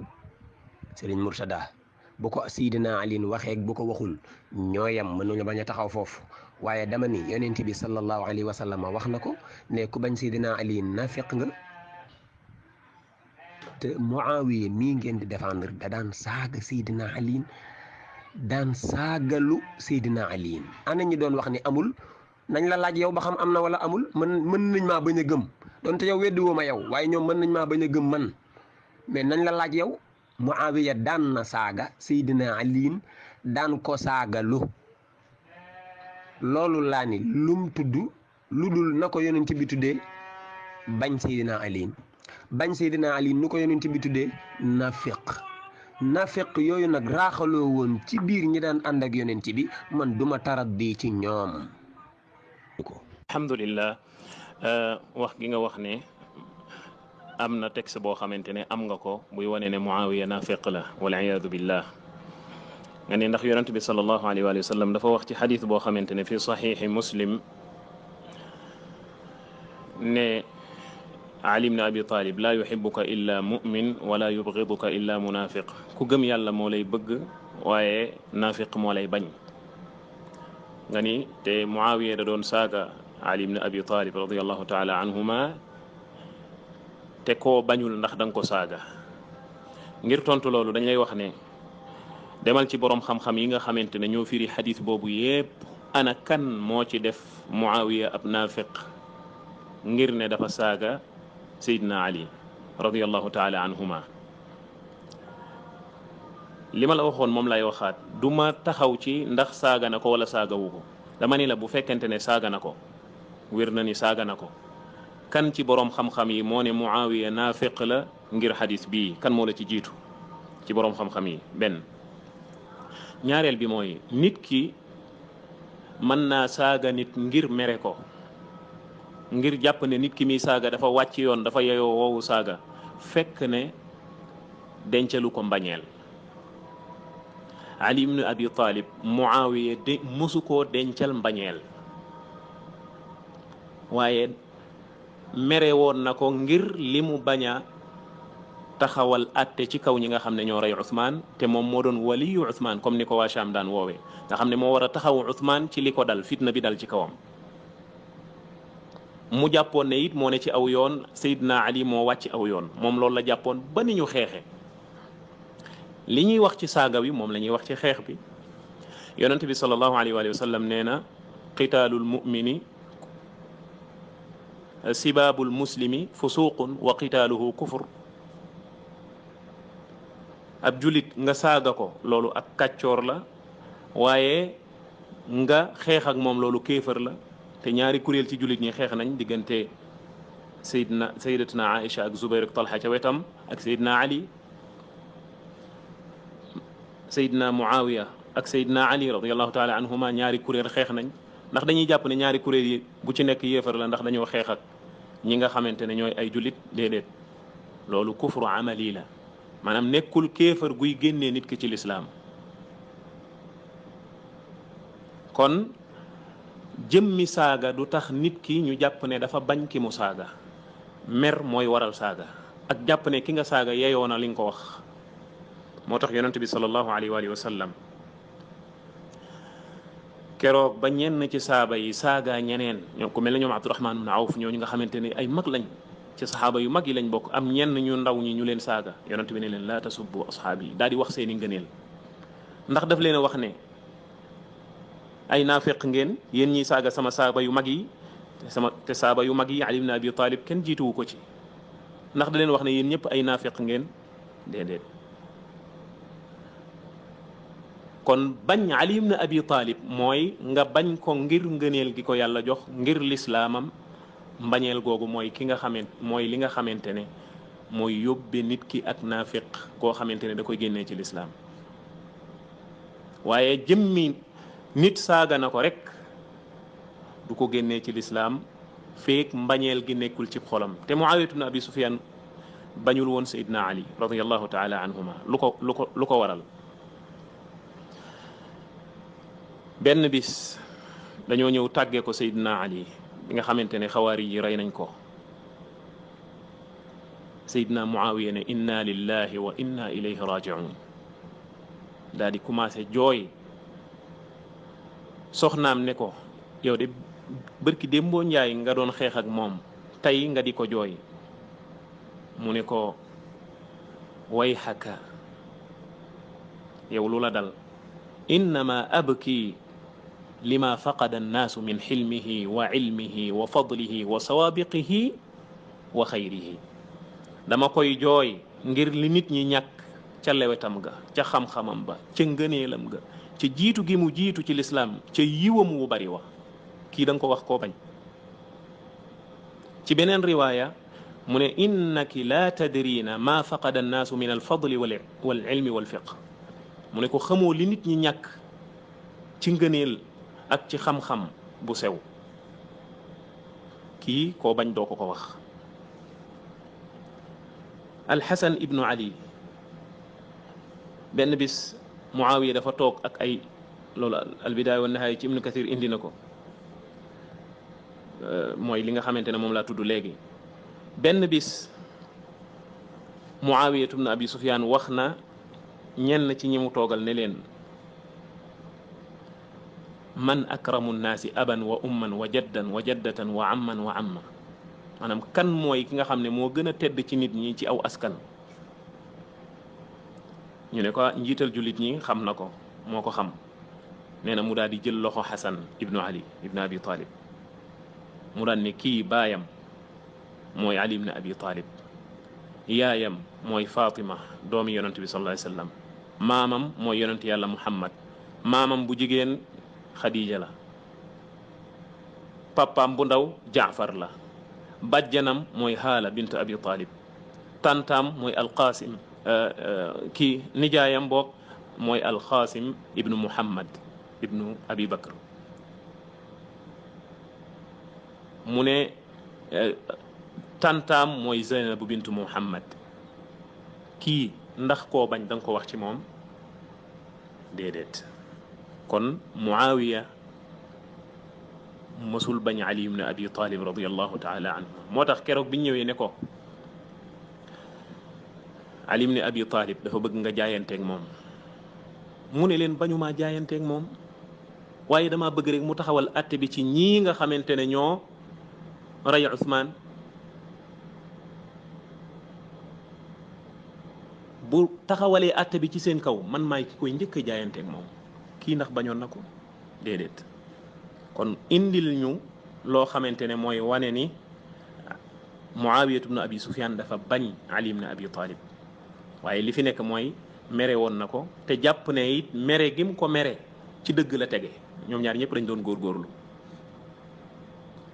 S3: Serigne Murtada bu ko Seydina Aliyun waxee bu ko waxul ñooyam mënuñu bañ a taxaw foofu waaye dama ni yonent bi sallallahu alayhi wa sallam wax na ko ne ku bañ Seydina Aliyun naafiq nga te Muawiya mii ngeen di défendre da daan saaga Seydina Aliyun daan saagalu Seydina Aliyun ana ñi doon wax ni amul nañ la laaj yow ba xam am na wala amul mën mën nañ maa bañ a gëm. donte yow weddi ma yow waaye ñoom mën nañ maa bañ a gëm man mais nañ la laaj yow mu Muawiya daan na saaga Seydina Aliin daan ko saaga lu loolu laa ni lum tudd lu dul na ko yonent bi tuddee bañ Seydina Aliin bañ Seydina Aliin nu ko yonent bi tuddee nafiq nafiq yooyu nag raaxaloo woon ci biir ñi daan ànd ak yonent bi man duma bii ci ñoom alhamdulillah
S1: wax gi nga wax ne am na texte boo xamante ne am nga ko buy wane ne muawiya naafiq la waliyaadu billah nga ne ndax yonent bi sal salallahu alayhi wa sallam dafa wax ci xadis boo xamante ne fi saxiixi muslim ne ali ibn abi talib laa yuxibuka illa mumin wala yubgiduka illa munafiq ku gëm yàlla moo lay bëgg waaye naafiq moo lay bañ nga ni te muawiya da doon saaga ali ibn abi talib radiallahu taala anhuma te koo bañul ndax danga ko saaga ngir tontu loolu dañ lay wax ne demal ci borom xam-xam yi nga xamante ñoo firi hadith boobu yépp ana kan moo ci def muawiya ab nafiq ngir ne dafa saaga sayidna ali radiallahu taala anhuma li ma la waxoon moom lay waxaat du ma taxaw ci ndax saaga na ko wala saagawu ko dama ni la bu fekkente ne saaga na wér na ni saaga na ko kan ci boroom xam-xam yi moo ne naa naafiq la ngir xadis bii kan moo la ci jiitu ci boroom xam-xam yi benn ñaareel bi mooy nit ki mën naa saaga nit ngir mere ko ngir jàpp ne nit ki muy saaga dafa wàcc yoon dafa yeyoo woowu saaga fekk ne dencalu ko mbañeel ali ibnu abi talib de mosu koo dencal mbañeel waaye mere woon na ko ngir li mu bañ a taxawal atte ci kaw ñi nga xam ne ñoo rey Ousmane te moom moo doon waliyu Ousmane comme ni ko waa Cham daan woowee nga xam ne moo war a taxawu Ousmane ci li ko dal fitna bi dal ci kawam. mu jàppoon ne it moo ne ci aw yoon Seydina Ali moo wàcc aw yoon moom loolu la jàppoon ba ni ñu xeexe li ñuy wax ci saaga wi moom la ñuy wax ci xeex bi yonent bi sallallahu alayhi wa sallam nee na qitaalul mu'mini سباب المسلم فسوق وقتاله كفر kufur جوليت nga saaga ko ak katchor la waye nga xex ak mom lolou kefer la te ñaari kurel ci julit ñi xex nañ digante sayidna sayyidatuna aisha ak zubair ak talha ci wetam ak sayidna ali sayidna muawiya ak sayidna ali radiyallahu taala anhuma ñaari kurel xex nañ ndax dañuy jàpp ne ñaari kurel yi bu ci nek yefer la ndax dañoo xex ak ñi nga xamantene ñoy ay julit dedet lolu kufru amali la manam nekkul kéefar guy génnee nit ki ci l'islam kon jëmmi saaga du tax nit ki ñu japp ne dafa bañ ki mu saaga mer moy waral saaga ak japp ne ki nga saaga yeyona li nga ko wax motax bi wa sallam keroog ba ñenn ci saaba yi saaga ñeneen ñoom ku mel ne ñoom Abdurahmaan ibn Awf ñooñu nga xamante ne ay mag lañ ci saxaaba yu mag yi lañ bokk am ñenn ñu ndaw ñi ñu leen saaga yonent bi ne leen laa tasubbu asxaab yi daal di wax seeni i ngëneel ndax daf leen wax ne ay naafeq ngeen yéen ñiy saaga sama saaba yu mag yi te sama te saaba yu mag yi Ali ibn Abi Talib kenn jiituwu ko ci ndax daleen wax ne yéen ñëpp ay naafeq ngeen déedéet. kon bañ ali ibn abi talib moy nga bañ ko ngir ngeenel giko yàlla jox ngir l'islamam mbañeel gogou moy ki nga xamant moy li nga xamantene moy yóbbe nit ki ak nafiq ko xamantene da koy génné ci l'islam waye jëmmi nit saga nako rek du ko génné ci l'islam feek mbañeel gi nekul ci xolam te muawiyat ibn abi sufyan bañul won sayidna ali radiyallahu taala anhumah luko luko luko waral benn bis dañoo ñëw tàggee ko sayidina ali bi nga xamante ne xawaari yi rey nañ ko sayidina muawiya ne inna lillahi wa inna ilayhi rajiun daal di commencé jooy soxnaam ne ko yow de barki démboo njaay nga doon xeex ak moom tey nga di ko joy. mu ne ko way xaka yow lu la dal innama abki لما فقد الناس من حلمه وعلمه وفضله وسوابقه wa xayrihi dama koy jooy ngir li nit ñi ñàkk ca lewetam ga ca xam-xamam ba ca ngëneelam ga ca jiitu gi mu jiitu ci lislaam ca yiwam wu bari wa kii da nga ko wax koo bañ ci beneen riwaaya mu ne innaki la tadrina ma faqada annaasu min alfadli wal wal ilmi wal fiq mu ne ko xamoo li nit ñi ñàkk ci ngëneel ak ci xam-xam bu sew ki ko bañ do ko ko wax hasan ibn ali ben bis muawiya dafa tok ak ay al bidaya wa nihaya ci ibn kathir indi nako moy li nga xamantene mom la tuddu legi ben bis muawiya ibn abi sufyan waxna ñen ci ñimu togal ne len من أكرم الناس أبا وأما وجدا وجدة وعما وعما أنا كان موي كيغا خامني مو غنا تيد سي نيت ني او اسكان ني نكو نجيتال جوليت ني خام نكو موكو خام نينا مودا دي جيل لوخو حسن ابن علي ابن ابي طالب مودان ني كي بايام موي علي ابن ابي طالب يا يام موي فاطمه دومي يونتبي صلى الله عليه وسلم مامام موي يونت يالا محمد مامام بو جيجين xadiija la papaam bu ndaw jaafar la bàjjanam mooy haala bintu abi taalib tantaam mooy alqaasim kii nijaayam boog mooy alqaasim ibnu muhammad ibn abi bakr mune tantam tantaam mooy zeynabu bintu muhammad ki ndax koo bañ danga ko wax ci moom déedéet kon muawiya mësul bañ ali ibn abi talib radiallahu taala anhu moo tax keroog bi ñëwee ne ko ali ibn abi talib dafa bëgg nga jaayanteeg moom mu ne leen bañu maa jaayanteeg moom waaye dama bëgg rek mu taxawal atte bi ci ñii nga xamante ne ñoo rey Ousmane bu taxawalee atte bi ci seen kaw man maay ki koy njëkk a jaayanteeg moom kii ndax bañoon na ko déedéet kon indil ñu loo xamante ne mooy wane ni muawiyatu na abi sufyaan dafa bañ ali ibn abi talib waaye li fi nekk mooy mere woon na ko te jàpp ne it mere gi mu ko mere ci dëgg la tege ñoom ñaar ñëpp dañ doon góor góorgóorlu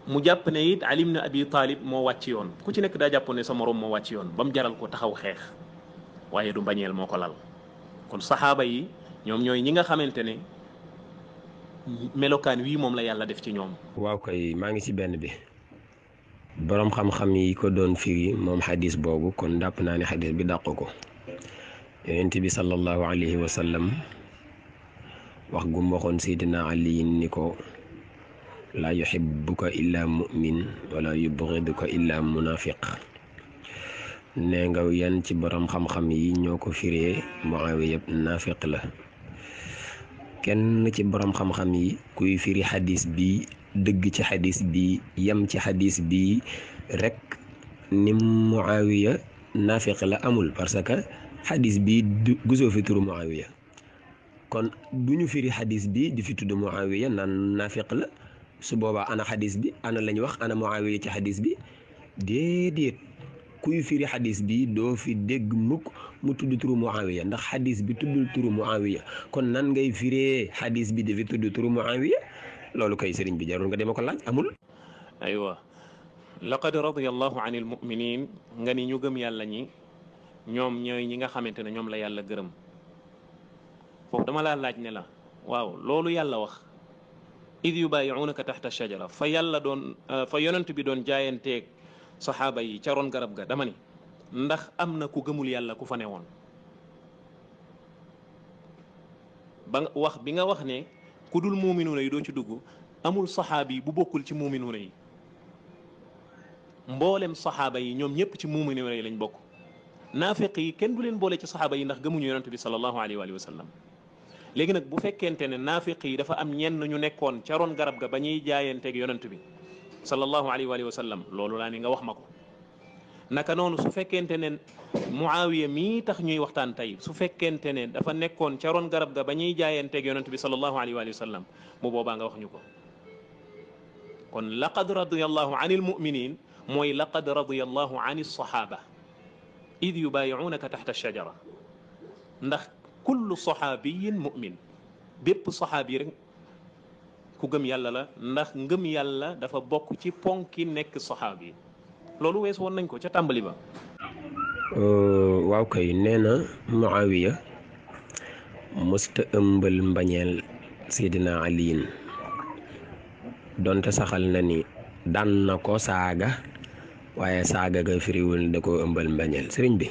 S1: mu jàpp ne it ali ibn abi talib moo wàcc yoon ku ci nekk daa jàpp ne sa moroom moo wàcc yoon ba jaral ko taxaw xeex waaye du mbañeel moo ko lal kon saxaaba yi ñoom ñooy ñi nga xamante ne
S3: melokaan wii moom la yàlla def ci ñoom. waaw kay maa ngi ci benn bi. boroom xam-xam yi ko doon firi moom xadis boobu kon dàpp naa ne xadis bi dàq ko. yonent bi sallallahu alayhi wa sallam wax gum waxoon Seydina Aliyin ni ko laa yuxibuka illa mumin wala yubxiduka illa munafiq ne nga yan ci boroom xam-xam yi ñoo ko firee Muawiya yëpp naafiq la kenn ci boroom xam-xam yi kuy firi xadiis bi dëgg ci xadis bi yam ci xadis bi rekk ni Muawiya naafiq la amul parce que xadis bi du gisoo fi turu Muawiya kon du ñu firi xadis bi di fi tudd Muawiya naan naafiq la su boobaa ana xadis bi ana lañ wax ana Muawiya ci xadis bi déedéet. kuy firi xadis bi doo fi dégg mukk mu tudd turu Muawiya ndax xadis bi tuddul turu Muawiya kon nan ngay firee xadis bi dafi tudd turu Muawiya loolu kay sëriñ bi jarul nga dema ko laaj amul aywa
S1: laqad radiyallahu anil mu'minin
S3: nga ni ñu gëm yàlla ñi ñoom
S1: ñooy ñi nga xamante ne ñoom la yàlla gërëm foofu dama la waaw loolu taxta shajara fa yàlla doon fa yonent bi doon jaayanteeg saxaaba yi ca ron garab ga dama ni ndax am na ku gëmul yàlla ku fa ne woon ba wax bi nga wax ne ku dul muuminuuna yi doo ci dugg amul saxaabi bu bokkul ci muuminuuna yi mboolem saxaaba yi ñoom ñëpp ci muuminuuna yi lañ bokk naafeq yi kenn du leen boole ci saxaaba yi ndax gëmuñu yonent bi sallallahu alayhi wa sallam léegi nag bu fekkente ne naafeq yi dafa am ñenn ñu nekkoon ca ron garab ga ba ñuy jaayanteeg yonent bi sallallahu alayhi wa sallam loolu laa ni nga wax ma ko naka noonu su fekkente ne muawiya mii tax ñuy waxtaan tey su fekkente ne dafa nekkoon ca ron garab ga ba ñuy jaayanteeg yonent bi sallallahu alayhi wa sallam mu boobaa nga wax ñu ko kon laqad radiyallahu anil muminin mooy laqad radiyallahu anis saxaaba id yubaayicuunaka taxta shajara ndax kullu saxaabiyin mumin bépp saxaabi rek ku gëm yàlla la ndax ngëm yàlla dafa bokk ci ponk ponki nekk saxaab yi loolu wees woon nañ ko ca tàmbali ba
S3: euh, waaw kay nee na Muawiya mosta ëmbal mbañeel Seydina Aliyin donte saxal na ni daan na ko saaga waaye saaga ga firiwul da koo ëmbal mbañeel sëriñ bi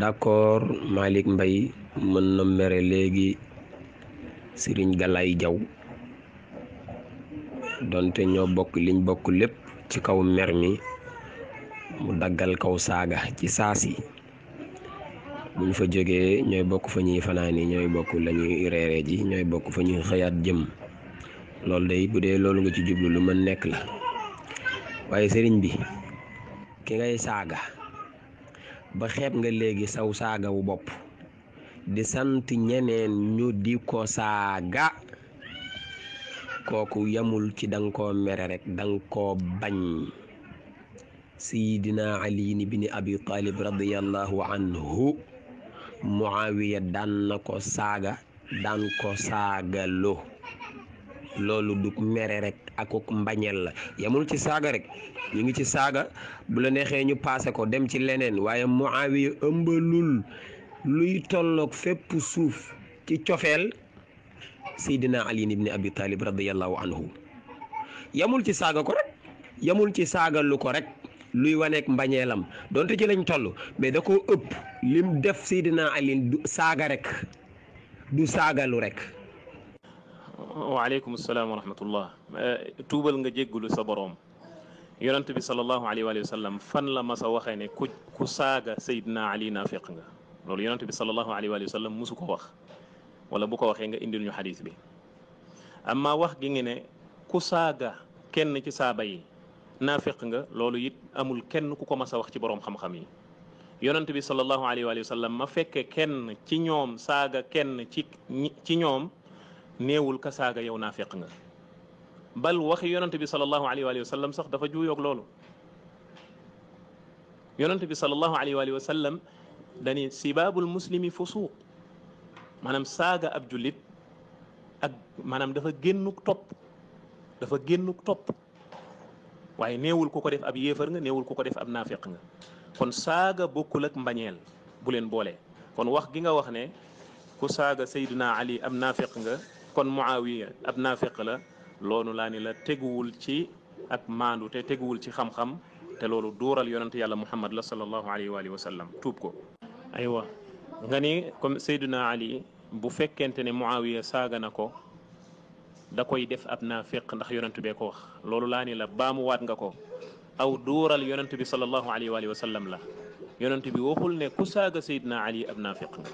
S3: d'accord Malick mbay mën na mere léegi sëriñ Galay Jaw donte ñoo bokk liñ bokk lépp ci kaw mer mi mu daggal kaw saaga ci saa saasi buñ fa jógee ñooy bokk fa ñuy fanaani ñooy bokk la ñuy reere ji ñooy bokk fa ñuy xëyaat jëm loolu de bu dee loolu nga ci jublu lu mën nekk la waaye sëriñ bi ki ngay saaga ba xeeb nga léegi saw saaga saagawu bopp di sant ñeneen ñu di ko saaga koku yamul ci dang ko mere rek dang ko bañ sayidina ali ibn abi talib radiyallahu anhu muawiya dan nako saga dan daan ko saagalo lolou du mere rek akuk mbañel la yamul ci saga rek ñu ngi ci saga bu la nexé ñu passé ko dem ci lenen waye muawiya ëmbalul luy tollok fep suuf ci سيدنا علي بن ابي طالب رضي الله عنه يامول تي ساغا كو رك يامول تي ساغال لوكو رك لوي وانيك مبانيلام دونتي جي لاني تولو مي داكو اوب ليم ديف سيدنا علي ساغا رك دو ساغالو رك
S1: وعليكم السلام ورحمه الله توبال nga jeglu sa borom yonent bi sallallahu alayhi wa sallam fan la ma sa waxe ne ku saga sayyidina ali nafiq nga lolou yonent bi sallallahu alayhi wa sallam musuko wax wala bu ko waxee nga indil ñu xadis bi amma wax gi ngi ne ku saaga kenn ci saaba yi naafiq nga loolu it amul kenn ku ko mas a wax ci borom xam-xam yi yonent bi sallallahu alayhi wa sallam ma fekke kenn ci ñoom saaga kenn ci ci ñoom néewul ka saaga yow naafiq nga bal waxi yonent bi sallallahu alayhi wa sallam sax dafa juuyoog loolu yonent bi sallallahu alayhi wa sallam dani sibabul muslimi fusuq maanaam saga ab jullit ak maanaam dafa génnuk topp dafa génnuk topp waaye néewul ku ko def ab yéefar nga néewul ku ko def ab naafiq nga kon saaga bokkul ak mbañeel bu leen boole kon wax gi nga wax ne ku saaga sayduna ali ab naafiq nga kon muawiya ab naafiq la loolu laa ni la teguwul ci ak maandu te teguwul ci xam-xam te loolu duural yonent yàlla muhammad la sallallahu alayhi wa sallam tuub ko aywa nga ni comme Seydina Ali bu fekkente ne Muawiya saaga na ko da koy def ab naafiq ndax yonent bee ko wax loolu laa ni la baamuwaat nga ko aw duural yonent bi sallallahu alayhi wa sallam la yonent bi waxul ne ku saaga Seydina Ali ab naafiq nga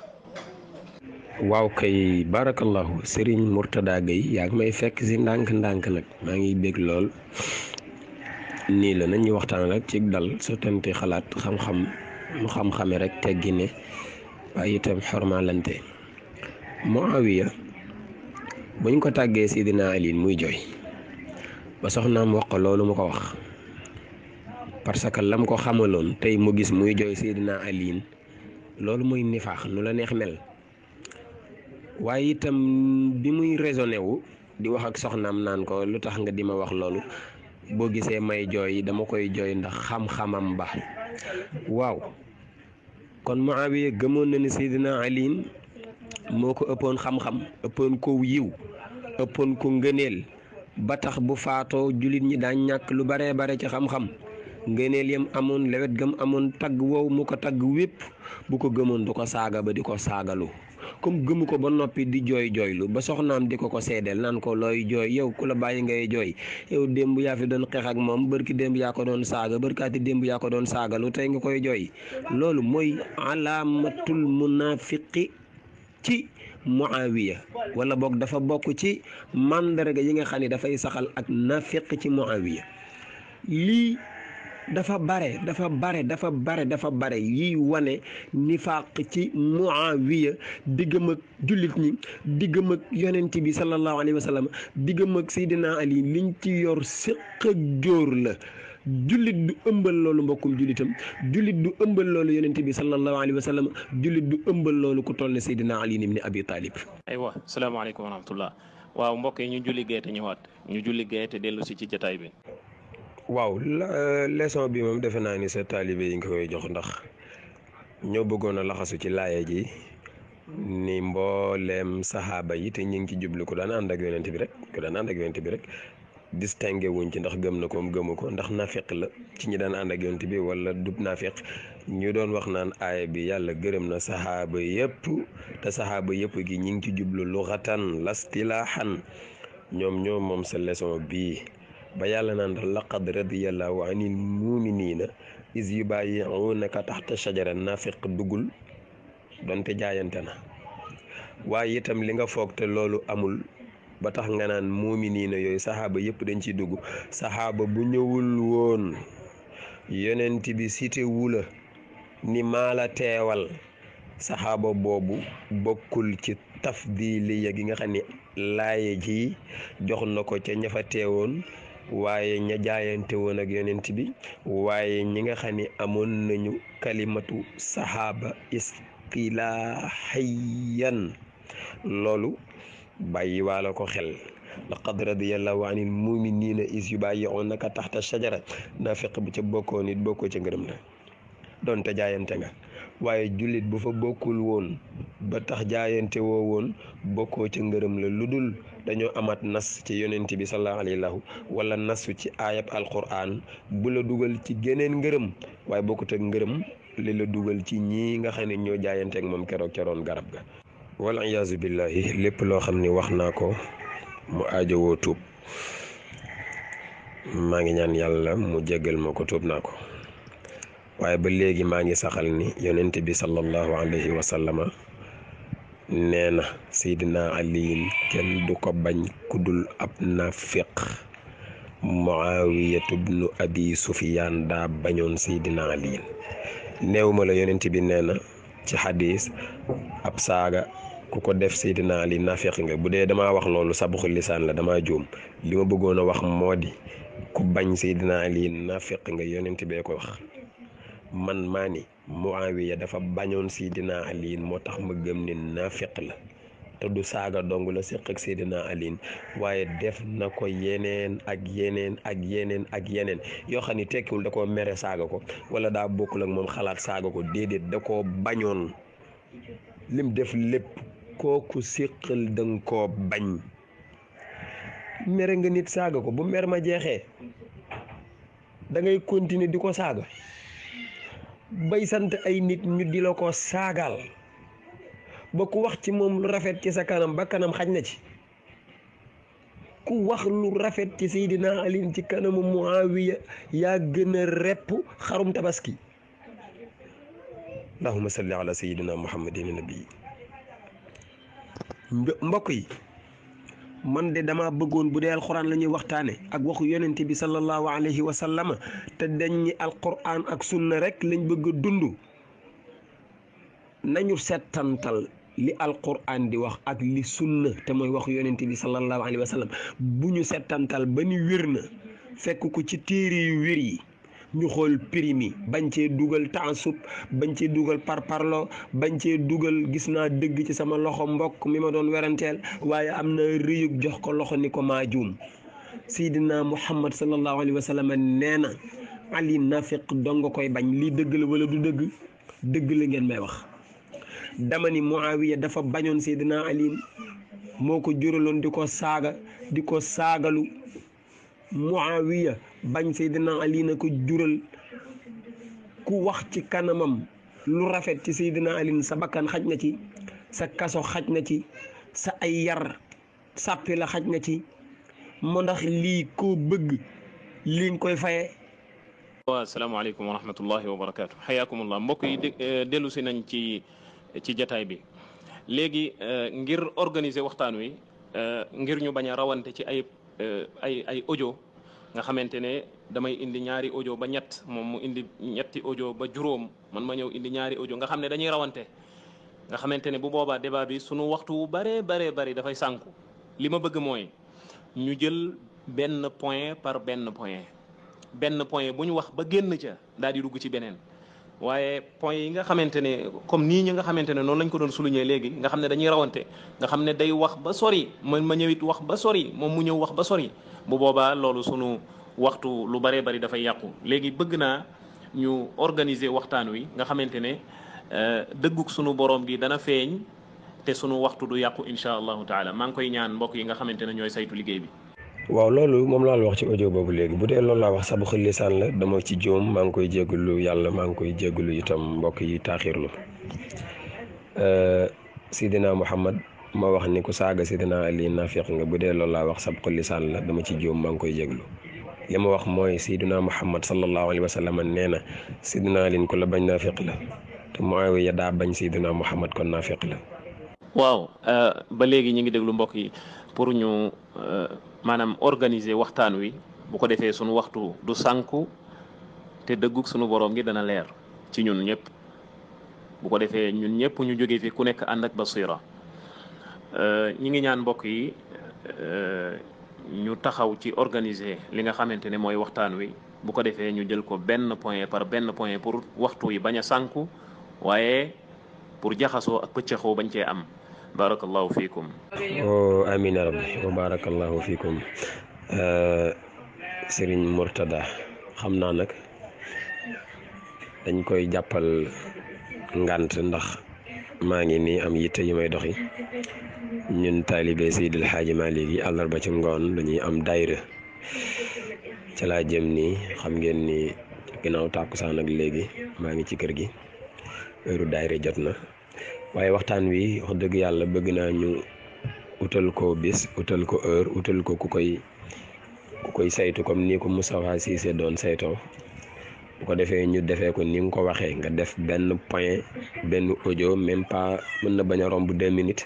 S3: waaw kay barakallahu sëriñ Mourtada Gueye yaa ngi may fekk si ndànk-ndànk nag maa ngi bég lool nii la nañuy waxtaan rek ci dal sottante xalaat xam-xam mu xam-xame rek teggi ne waaye itam xormalante Muawiya buñ ko tàggee Sidina Ali muy jooy ba soxnaam wax ko loolu mu ko wax parce que lam ko xamaloon tey mu gis muy jooy Sidina Ali loolu muy nifaax nu la neex mel waaye itam bi muy raisonné wu di wax ak soxnaam naan ko lu tax nga di ma wax loolu boo gisee may jooy dama koy jooy ndax xam-xamam ba waaw kon awee gëmoon na ni Seydina Ali moo ko ëppoon xam-xam ëppoon ko yiw ëppoon ko ngëneel ba tax bu faatoo jullit ñi daan ñàkk lu baree bare ci xam-xam ngëneel yam amoon lewet gam amoon tagg wow mu ko tagg wépp bu ko gëmoon du ko saaga ba di ko saagalu comme gëmmu ko ba noppi di jooy jooylu ba soxnaam di ko ko seedeel naan ko looy jooy yow ku la bàyyi ngay jooy yow démb yaa fi doon xeex ak moom bërki démb yaa ko doon saaga bërkaati démb yaa ko doon saaga tey nga koy jooy loolu mooy alaamatul munafiqi ci muawiya wala boog dafa bokk ci màndarga yi nga xam ni dafay saxal ak nafiq ci muawiya lii dafa bare dafa bare dafa bare dafa bare yiy wane nifaaq ci muawiya diggam ak jullit ñi diggam ak yonent bi sallallahu alayhi wa sallam diggam ak Seydina Ali liñ ci yor séq jóor la jullit du ëmbal loolu mbokkum jullitam jullit du ëmbal loolu yonent bi sallallahu alayhi wa sallam jullit du ëmbal loolu ku toll ne Seydina Ali ibn Abi Talib aywa salaamaaleykum
S1: wa rahmatullah waaw mbokk yi ñu julli gee te ñëwaat ñu julli gee te ci jataay bi
S3: waaw euh, leçon bi moom defe naa ni sa taalibe yi nga koy jox ndax ñoo bëggoon a laxasu ci laaya ji ni mbooleem saxaaba yi te ñu ngi ci jublu ko daan ànd ak bi rek ko daan ànd bi rek distingué wuñ ci ndax gëm na koom gëmu ko ndax naafeq la ci ñi daan ànd ak bi wala dub naafeq ñu doon wax naan aaya bi yàlla gërëm na saxaaba yëpp te saxaaba yëpp gi ñu ngi ci jublu luxatan lastilaaxan ñoom ñoom moom sa leçon bii ba yàlla na naan laqad radiyallahu anil muminina is yu bàyyi unaka taxta shajara nafiq duggul donte jaayante na waaye itam li nga foog te loolu amul ba tax nga naan muuminiina yooyu saxaaba yëpp dañ ci dugg saxaaba bu ñëwul woon yonent bi cité wu ni maa la teewal saxaaba boobu bokkul ci taf di liya gi nga xam ni laaye ji jox na ko ca ña waaye ña jaayante woon ak yonent bi waaye ñi nga xam ni amoon nañu kalimatu saxaaba istilaaxiyan loolu bàyyi waala ko xel laqad radiallahu anil muminina is a tax yubayi'unaka taxta shajara nafiq bu ca bokkoo nit bokkoo ca ngërëm la donte jaayante nga waaye jullit bu fa bokkul woon ba tax jaayante woo woon bokkoo ca ngërëm la lu dul dañoo amaat nas ci yonent bi sallallahu alayhi wa wala nas ci aayab alquran bu la dugal ci geneen ngërëm waaye bokkut ak ngërëm li la dugal ci ñi nga xam ne ñoo jaayanteek moom keroog keroon garab ga. wala iyaazu billahi lépp loo xam ni wax naa ko mu aajowoo tuub maa ngi ñaan yàlla mu jéggal ma ko tuub naa ko waaye ba léegi maa ngi saxal ni yonent bi sallallahu alayhi wa sallama nee na seydina aliyin kenn du ko bañ kudul ab nafiq muawiyatu bnu abi sufiyaan daa bañoon seydina aliyin neewuma la yonent bi nee na ci xadis ab saaga ku ko def seydina ali nafiq nga bu dee damaa wax loolu sabuxu lisaan la damaa juum li ma bëggoon a wax moo di ku bañ seydina ali nafiq nga yonent bee ko wax man maa Muawiya dafa bañoon dina Aliin moo tax ma gëm ni naa naafiq la te du saaga dong la séq ak Seydina Aliin waaye def na ko yeneen ak yeneen ak yeneen ak yeneen yoo xam ne tekkiwul da koo mere saaga ko wala daa bokkul ak moom xalaat saaga ko déedéet da koo bañoon lim def lépp kooku séqal danga koo bañ mere nga nit saaga ko bu mer ma jeexee dangay ngay di ko saaga bay sant ay nit ñu di la ko saagal ba ku wax ci moom lu rafet ci sa kanam ba kanam xaj na ci ku wax lu rafet ci Seydina Alin ci kanamu Muawiya yaa gën a repp xarum tabaski allahumma salli ala Seydina Muhammadin nabi mbokk yi man de dama bëggoon bu dee alxuraan la ñuy waxtaane ak waxu yonent bi sallallahu alayhi wa sallama te dañ ñi alxuraan ak sunna rek lañ bëgg a dund nañu settantal li alquran di wax ak li sunna te mooy waxu yonent bi sallallahu alayhi wa sallam bu ñu settantal ba ni wér na fekk ko ci téere wiir yi ñu xool prix mi bañ cee dugal taasub bañ cee dugal parparlo bañ cee dugal gis naa dëgg ci sama loxo mbokk mi ma doon weranteel waaye am na rëyug jox ko loxo ni ko maa juum Seydina Muhammad sallallahu alayhi wa sallam nee na Ali nafiq dong nga koy bañ lii dëgg la wala du dëgg dëgg la ngeen may wax dama ni Muawiya dafa bañoon Seydina Ali moo ko juraloon di ko saaga di ko saagalu. muawiya bañ seydina ali na ko jural ku wax ci kanamam lu rafet ci seydina ali sa bakkan xaj na ci sa kaso xaj na ci sa ay yar sàppi la xaj na ci mu ndax lii ko bëgg lii nga koy faye
S1: waaw asalaamaaleykum wa rahmatullahi wa barakaatu xayaakumullah mbokk yi eh, dellu si nañ ci ci jataay bi léegi eh, ngir organiser waxtaan wi eh, ngir ñu bañ a rawante ci ayib Euh, ay ay audio nga xamante ne damay indi ñaari audio ba ñett moom mu indi ñetti audio ba juróom man ma ñëw indi ñaari audio nga xam ne dañuy rawante nga xamante ne bu boobaa débat bi sunu waxtu wu bëree bëree bëri dafay sànku li ma bëgg mooy ñu jël benn point par benn point benn point bu ñu wax ba génn ca daa di dugg ci beneen waaye point yi nga xamante ne comme nii ñi nga xamante ne noonu lañ ko doon souligner léegi nga xam ne dañuy rawante nga xam ne day wax ba sori man ma ñëwit wax ba sori moom mu ñëw wax ba sori bu boobaa loolu sunu waxtu lu bëree bari dafay yàqu léegi bëgg naa ñu organiser waxtaan wi nga xamante ne euh, dëgguk sunu borom gi dana feeñ te sunu waxtu du yàqu incha allahu taala maa ngi koy ñaan mbokk yi nga xamante ne ñooy saytu liggéey bi
S3: waaw loolu moom laa la wax ci audio boobu léegi bu dee loolu laa wax sabu lisaan la dama ci jóom maa ngi koy jégalu yàlla maa ngi koy jégalu itam mbokk yi taaxirlu euh, Sidina Muhammad ma wax ni ku saaga Sidina Ali nafiq nga bu dee loolu laa wax sabu lisaan la dama ci jóom maa ngi koy jégalu li ma wax mooy Sidina Muhammad sallallahu alayhi wa sallam nee na Sidina Ali ku la bañ nafiq la te Muawiya daa bañ Sidina Muhammad kon nafiq la.
S1: waaw euh, ba léegi ñu ngi déglu mbokk yi pour ñu euh, maanaam organiser waxtaan wi bu ko defee sunu waxtu du sànku te dëggug sunu borom ngi dana leer ci ñun ñëpp bu ko defee ñun ñëpp ñu jógee fi ku nekk ànd ak basira euh, ñi ngi ñaan mbokk yi ñu taxaw ci organiser li nga xamante ne mooy waxtaan wi bu ko defee ñu jël ko benn point par benn point pour waxtu yi bañ a sànku waaye pour jaxasoo ak pëccëxoo bañ cee am barakallahu fiikum
S3: o oh, amin ya rabbi wa eh, xam naa nag dañ koy jàppal ngant ndax maa ngi nii am yitte yu may doxi ñun taalibe Seydil Xaaji Maalik yi àllarba ci ngoon dañuy am daayira ca laa jëm nii xam ngeen ni ginnaaw tàkkusaan ak léegi maa ngi ci kër gi heure daayira jot na waaye waxtaan wi wax dëgg yàlla bëgg naa ñu utal ko bis utal ko heure utal ko ku koy ku koy saytu comme ni ko Moustapha Cissé doon saytoo bu ko defee ñu defee ko ni nga ko waxee nga def benn point benn audio même pas mën na bañ a romb deux minutes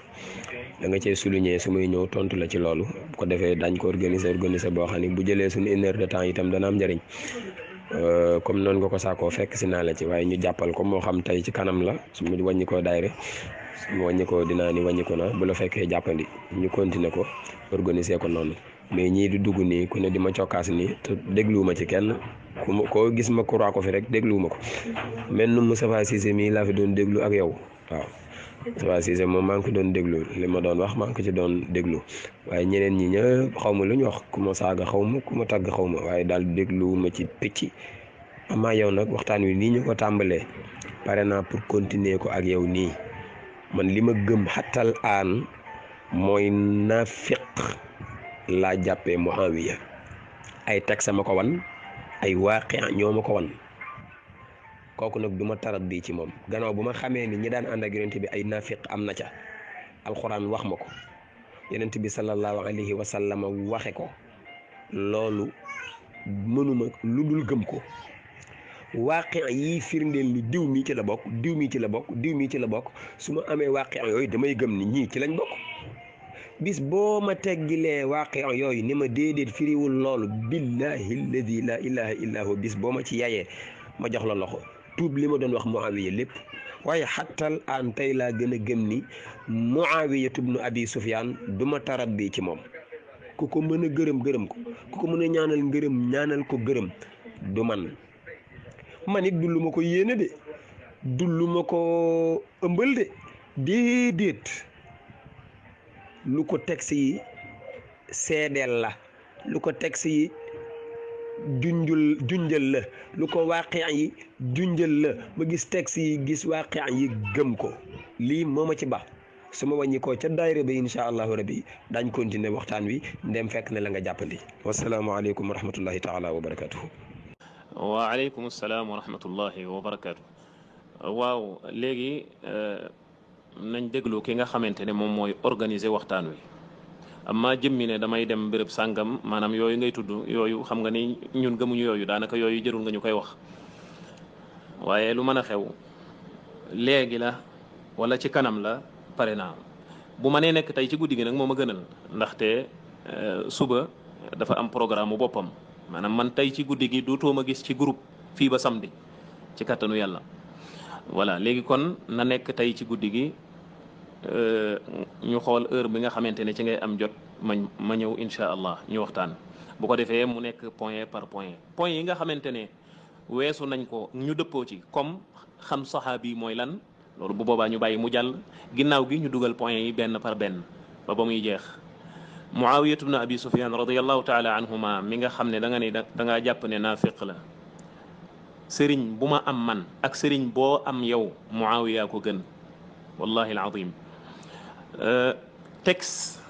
S3: da nga cee souligner su muy ñëw tontu la ci loolu bu ko defee dañ ko organiser organiser boo xam ne bu jëlee suñu une de temps itam dana am njëriñ Euh, comme noonu nga ko saakoo fekk si naa la ci waaye ñu jàppal ko moo xam tey ci kanam la su ma wàññi koo daayre su ma wàññi dinaa ni wàññi ko na bu la fekkee jàppandi ñu continuer ko organiser ko noonu mais ñii di dugg nii ku ne di ma cokkaas nii te dégluwuma ci kenn ku ma koo gis ma kuraa ko fi rek dégluwuma ko mel nu Moustapha Cissé mii laa fi doon déglu ak yow waaw. waa Cissé moom maa ngi ko doon déglu li ma doon wax maa ngi ko ci doon déglu waaye ñeneen ñi ñëpp xaw ma lu ñu wax ku ma saaga xaw ma ku ma tàgg xaw waaye daal déglu ma ci picc amaa yow nag waxtaan wi nii ñu ko tàmbalee pare naa pour continuer ko ak yow nii man li ma gëm xattal aan mooy naafiq laa jàppee Muawiya ay teg sama ko wan ay waaqi ñoo ma ko wan kooku nag du ma tarat di ci moom gannaaw bu ma xamee ni ñi daan ànd ak yonent bi ay naafiq am na ca alxuraan wax ma ko yonent bi sallallahu alayhi wa sallam waxe ko loolu mënuma lu dul gëm ko waaqe yi firndeel ni diw mii ci la bokk diw mii ci la bokk diw mii ci la bokk su ma amee waaqe yooyu damay gëm ni ñii ci lañ bokk bis boo ma teggilee waaqe yooyu ni ma déedéet firiwul loolu billahi la ilaha illa hu bis boo ma ci yaayee ma jox la loxo tuub li ma doon wax mu Muawiya lépp waaye xattal aan laa gën a gëm ni Muawiya ibnu Abi Sufyaan du ma tarab bii ci moom ku ko mën a gërëm gërëm ko ku ko mën a ñaanal ngërëm ñaanal ko gërëm du man man it ko yéene de du ko ëmbal de déedéet lu ko texte yi seedeel la lu ko texte yi junjul junjal la lu ko waaqi yi junjal la ma gis texte yi gis waaqi yi gëm ko lii moom a ci baax su ma wàññi ca daayira bi incha allahu rabi daañ continuer waxtaan wi ndem fekk na la nga jàppandi wasalaamualeykum wa rahmatullahi taala wa barakatuhu
S1: waaleykum salaam wa rahmatullahi waaw léegi euh, nañ déglu ki nga xamante ne moom mooy organiser waxtaan wi amma jëmmi ne damay dem béréb sàngam maanaam yooyu ngay tudd yooyu xam nga ni ñun gëmuñu yooyu daanaka yooyu jërul nga ñu koy wax waaye lu mën a xew léegi la wala ci kanam la pare naa bu ma nekk tey ci guddi gi nag moo ma gënal ndaxte euh, suba dafa am programme mu boppam maanaam man tey ci guddi gi dootoo a gis ci groupe fii ba samedi ci kattanu yàlla voilà léegi kon na nekk tey ci guddi gi Euh, ñu xool heure bi nga xamante ne ci ngay am jot ma ma ñëw incha allah ñu waxtaan bu ko defee mu nekk point par point point yi nga xamante ne weesu nañ ko ñu dëppoo ci comme xam saxaabi mooy lan loolu bu boobaa ñu bàyyi mu jàll ginnaaw gi ñu dugal point yi benn par benn ba ba muy jeex muawiyatu bnu abi sufyan radiallahu taala anhuma mi nga xam ne da nga ne da ngaa jàpp ne naafiq la sëriñ bu ma am man ak sëriñ boo am yow muawiya ko gën wallahi alazim texte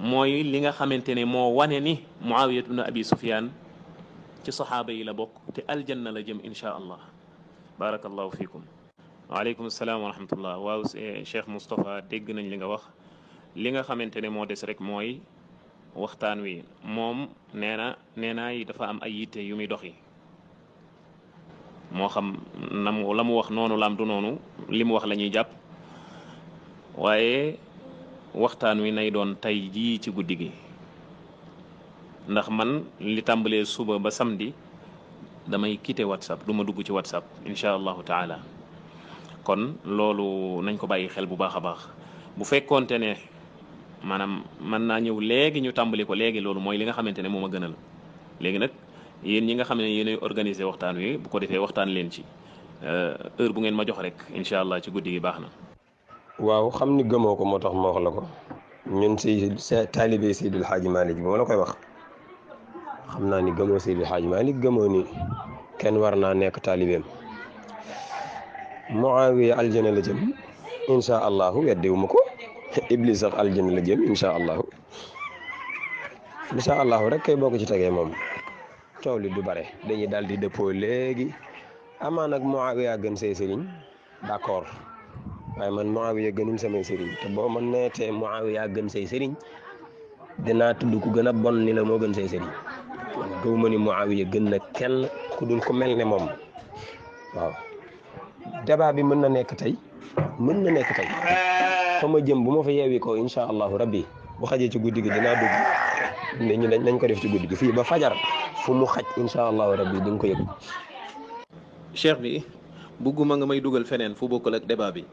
S1: moy li nga xamante ne moo wane ni muawiyat sufyan ci saxaaba yi la bokk te aljanna fikum waaleykum salaam wa rahmatullah waaw cheikh moustapha dégg nañ li nga wax li nga xamante ne moo des rek mooy waxtaan wi moom waaye waxtaan wi nay doon tey jii ci guddi gi ndax man li tàmbalee suba ba samedi damay quitter whatsapp du ma dugg ci whatsapp incha allahu taala kon loolu nañ ko bàyyi xel bu baax a baax bu fekkoonte ne maanaam man naa ñëw léegi ñu tàmbali ko léegi loolu mooy li nga xamante ne moom a gënal léegi nag yéen ñi nga xam ne yéenay organiser waxtaan wi bu ko defee waxtaan leen ci euh, heure bu ngeen ma jox rek incha allah ci guddi gi baax na.
S3: waaw xam ni gëmoo ko moo tax ma wax la ko ñun Seydi taalibe Seydi El Hadji Malick bi ma la koy wax xam naa ni gëmoo Seydi El Hadji Malick gëmoo ni kenn war naa nekk taalibeem Muawiya aljana la jëm incha allahu weddewu ma ko Iblis sax aljana la jëm incha allahu incha allahu rek kay boo ko ci tegee moom coow li du bare dañuy daal di dëppoo léegi amaa nag Muawiya gën say sëriñ d'accord. waaye man Muawiya gënul samay sëriñ te boo ma neetee Muawiya gën say sëriñ dinaa tudd ku gën a bon ni la moo gën say sëriñ man gëw ma ni gën na kenn ku dul ku mel ne moom waaw débat bi mën na nekk tey mën na nekk tey fa jëm bu ma fa yeewi ko incha allahu rabbi bu xajee ci guddi gi dinaa dugg ne dañ ko def ci guddi gi fii ba fajar fu mu xaj incha allahu rabbi di ko yëg.
S1: cheikh bi bugguma nga may dugal feneen fu bokkal ak débat bi.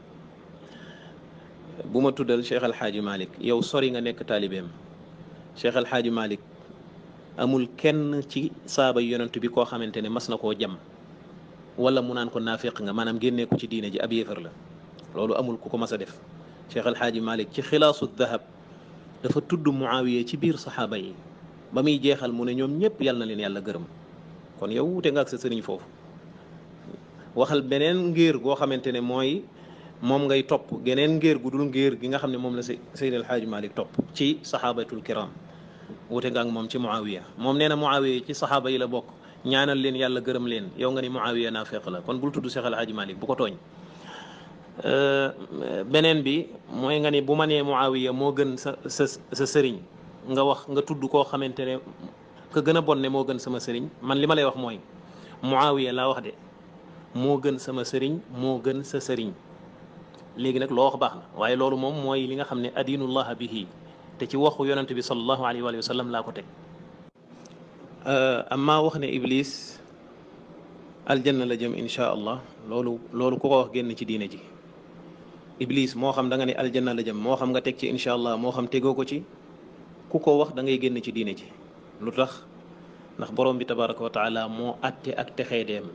S1: buma tuddal Cheikh El Hadj Malick yow sori nga nek talibem Cheikh El Hadj Malick amul kenn ci saaba yonent bi ko xamantene mas jam wala mu nan ko nafiq nga manam genné ko ci diine ji ab yefer la lolou amul kuko massa def Cheikh El Hadj Malick ci khilasu dhahab dafa tudd Muawiya ci bir sahaba yi bamuy muy jeexal mu ne ñom ñëpp yalla na leen yàlla gërëm kon yow wute nga ak sa serigne fofu waxal benen ngir go xamantene moy moom ngay topp geneen ngéer gu dul ngéer gi nga xam ne moom la Seydi El Hadji Malick topp ci saxaabatul kiram wute nga ak moom ci Muawiya moom nee na Muawiya ci saxaaba yi la bokk ñaanal leen yàlla gërëm leen yow nga ni Muawiya naa feq la kon bul tudd Seex El Hadji bu ko tooñ euh, beneen bi mooy nga ni bu ma nee Muawiya moo gën sa sa nga wax nga tudd koo xamante ne ka gën a bon moo gën sama sëriñ man li ma lay wax mooy Muawiya laa wax de moo gën sama sëriñ moo gën sa sëriñ légui nak lo wax baax na waaye loolu moom mooy li nga xamné adinullah bihi te ci waxu yonent bi sallallahu alayhi wa sallam la ko tek euh amma wax ne iblis aljanna la jëm insha allah lolu lolu ku ko wax génn ci diine ji iblis mo xam da nga ne aljanna la jëm mo xam nga tek ci insha allah mo xam tegoo ko ci ku ko wax da ngay génn ci diine ji lutax ndax borom bi tabaraka taala mo atte ak texee deem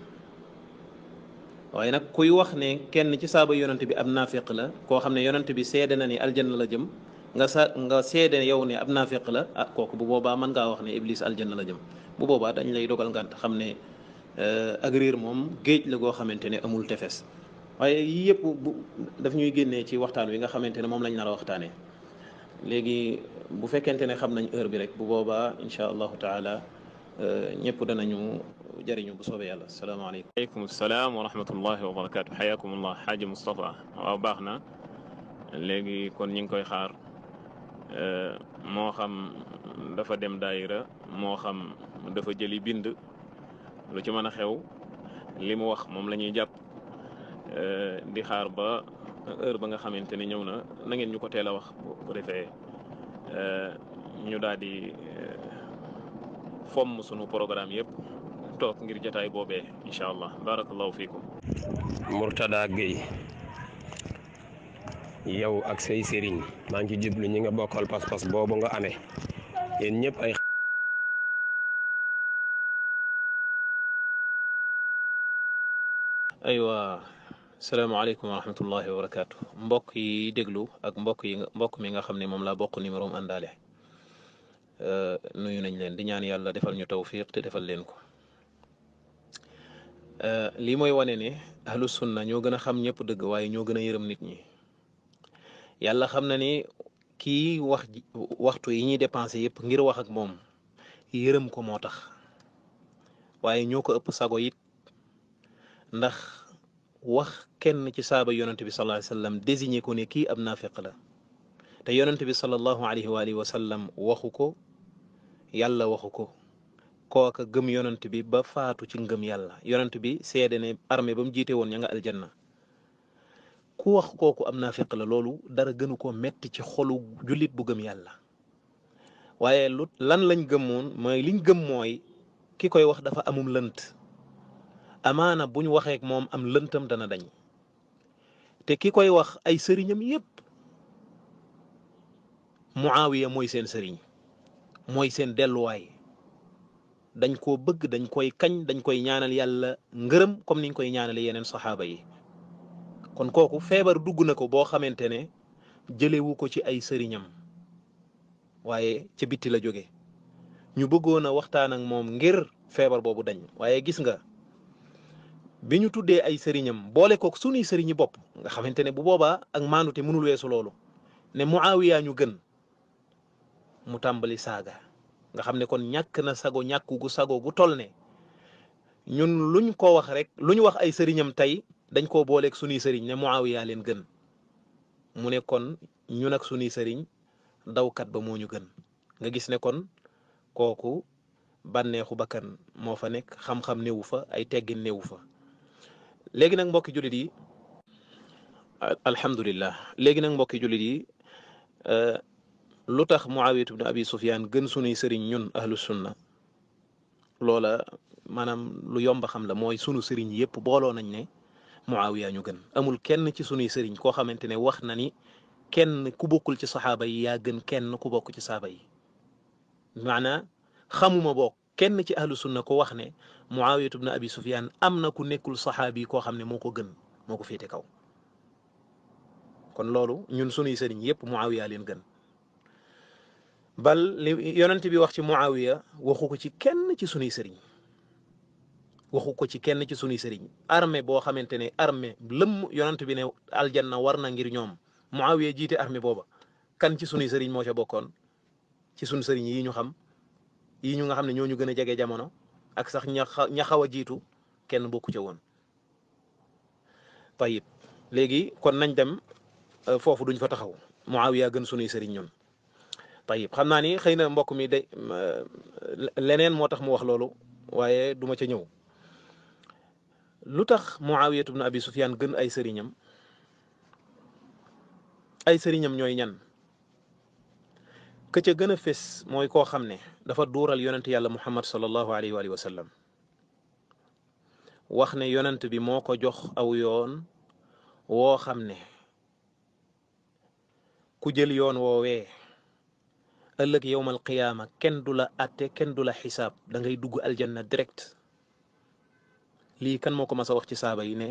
S1: waaye nag kuy wax ne kenn ci saaba yonent bi ab naafiq la koo xam ne yonent bi seede na ni aljanna la jëm nga sa nga seede yow ne ab naafiq la ah kooku bu boobaa mën ngaa wax ne iblis aljanna la jëm bu boobaa dañ lay dogal ngant xam ne euh, ak réer moom géej la goo xamante ne amul tefes waaye yii yëpp bu daf ñuy génne ci waxtaan wi nga xamante ne moom lañ nar a waxtaanee léegi bu fekkente ne xam nañ heure bi rek bu boobaa incha allahu taala euh, ñëpp danañu جرينو بصوب يلا السلام عليكم عليكم السلام ورحمة الله وبركاته حياكم الله حاج مصطفى وباخنا اللي يكون ينكو يخار موخم دفا دم دائرة موخم دفا جلي بند لو كما نخيو اللي موخ مملاني جاب دي خار با ër ba nga xamante ni ñëw na na ngeen ñu ko teel a wax bu defee ñu daal di toog ngir jotaay boobee incha allah barakallahu fiikum.
S3: Mourtada Gueye yow ak say sëriñ maa ngi ci jublu ñi nga bokkal pas-pas boobu nga amee yéen ñëpp ay.
S1: aywa salaamaaleykum wa rahmatullahi wa barakaatu mbokk yi déglu ak mbokk yi mbokk mi nga xam ne moom la bokk numéro am àndaale euh, nuyu nañ leen di ñaan yàlla defal ñu tawfiq te defal leen ko. Euh, lii moy wane ne ahlu sunna ñoo gën a xam ñëpp dëgg waaye ñoo gën a yërëm nit ñi yàlla xam na ni kii wax waxtu yi ñuy dépensé yëpp ngir wax ak moom yërëm ko moo tax waaye ñoo ko ëpp sago yit ndax wax kenn ci saaba yonent bi sallallahu alayhi wa désigné ko ne kii ab naafiq la te yonent bi sallallahu alayhi wa sallam waxu ko yàlla waxu ko kooka gëm yonent bi ba faatu ci ngëm yàlla yonent bi seede ne armée ba mu jiite woon ña nga aljanna ku wax kooku am naa fekk la loolu dara gënu ko metti ci xolu jullit bu gëm yàlla waaye lu lan lañ gëmoon mooy liñ gëm mooy ki koy wax dafa amum lënt amaana buñ waxeek moom am lëntam dana dañ te ki koy wax ay sëriñam yépp Muawiya mooy seen sëriñ mooy seen delluwaay dañ ko bëgg dañ koy kañ dañ koy ñaanal yàlla ngërëm comme niñ koy ñaanale yeneen saxaaba yi kon kooku feebar dugg na ko boo xamante ne jëlewu ko ci ay sëriñam waaye ca bitti la jóge ñu bëggoon a waxtaan ak moom ngir feebar boobu dañ waaye gis nga bi ñu tuddee ay sëriñam boole kook sunuy sëriñi bopp nga xamante ne bu boobaa ak maandu te mënul weesu loolu ne mu Muawiya ñu gën mu tàmbali saaga nga xam ne kon ñàkk na sago ñàkk gu sago gu toll ne ñun luñ ko wax rek luñ wax ay sëriñam tey dañ koo booleeg suñuy sëriñ ne Muawiya leen gën mu ne kon ñun ak suñuy sëriñ dawkat ba moo ñu gën nga gis ne kon kooku bànneexu bakkan moo fa nekk xam-xam néewu fa ay teggin néewu fa léegi nag mbokki jullit yi alhamdulillah léegi nag mbokki jullit yi euh, lu tax muawiyatu ibn abi sufyaan gën sunuy sëriñ ñun ahlu sunna loola maanaam lu yomb xam la mooy sunu sëriñ yëpp booloo nañ ne muawiya ñu gën amul kenn ci sunuy sëriñ koo xamante ne wax na ni kenn ku bokkul ci saxaaba yi yaa gën kenn ku bokk ci saaba yi maanaa xamuma bokk kenn ci ahlu sunna ko wax ne muawiyatu ibn abi sufyaan am ku nekkul saxaabi koo xam ne gën moo ko kaw kon loolu ñun sunuy sëriñ yëpp muawiya leen gën bal li bi wax ci muawiya waxu ko ci kenn ci sunuy sëriñ waxu ko ci kenn ci sunuy sëriñ armée boo xamante ne arme lëmm yonent bi ne aljanna war na ngir ñoom muawiya jiite armée booba kan ci sunuy sëriñ moo ca bokkoon ci sunu sëriñ yi ñu xam yi ñu nga xam ne ñoo ñu gën a jege jamono ak sax ña ña a jiitu kenn bokku ca woon tayib léegi kon nañ dem foofu duñ fa taxaw muawiya gën sunuy sëriñ ñun tayib xam naa ni xëy na mbokk mi day leneen moo tax mu wax loolu waaye duma ca ñëw lu tax muawiyatu bnu abi sufyaan gën ay sëriñam ay sëriñam ñooy ñan ka ca gën a fés mooy koo xam ne dafa duural yonent yàlla muhammad sallallahu alayhi wa sallam wax ne yonent bi moo ko jox aw yoon woo xam ne ku jël yoon woowee ëllëg yowmal qiyaama kenn du la atte kenn du la xisaab da ngay dugg aljanna direct Li kan moo ko mas a wax ci saaba yi ne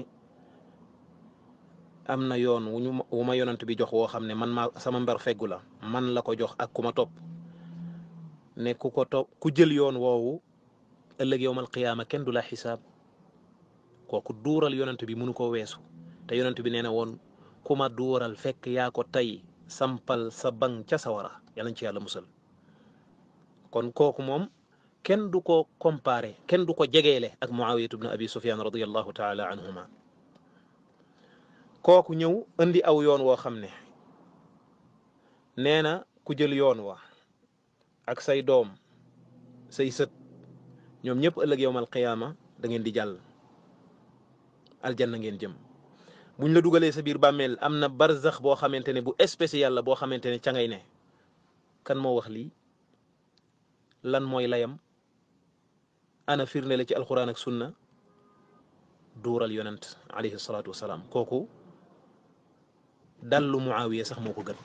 S1: am na yoon wu ñu wu ma yonant bi jox woo xam ne man maa sama mbar feggu la man la ko jox ak ku ma topp ne ku ko topp ku jël yoon woowu ëllëg yowmal qiyaama kenn du la xisaab kooku duural yonant bi mënu ko weesu te yonant bi nee na woon ku ma duural fekk yaa ko tey sampal sa bang ca sawara yàlla ci yàlla musal kon kooku moom kenn du ko comparé kenn du ko jegeele ak muawiyatu bne abi sufyan radiallahu taala anhuma kooku ñëw andi aw yoon woo xam ne nee na ku jël yoon wa ak say doom say sët ñoom ñëpp ëllëg yowmal qiyaama da ngeen di jàll aljanna ngeen jëm buñ la dugalee sa biir bàmmeel am na barzax boo xamante ne bu spécial la boo xamante ne ca ngay ne kan moo wax lii lan mooy layam ana firne la ci alquran ak sunna duural yonent alayhi salatu wasalaam kooku dallu muawiya sax moo ko gën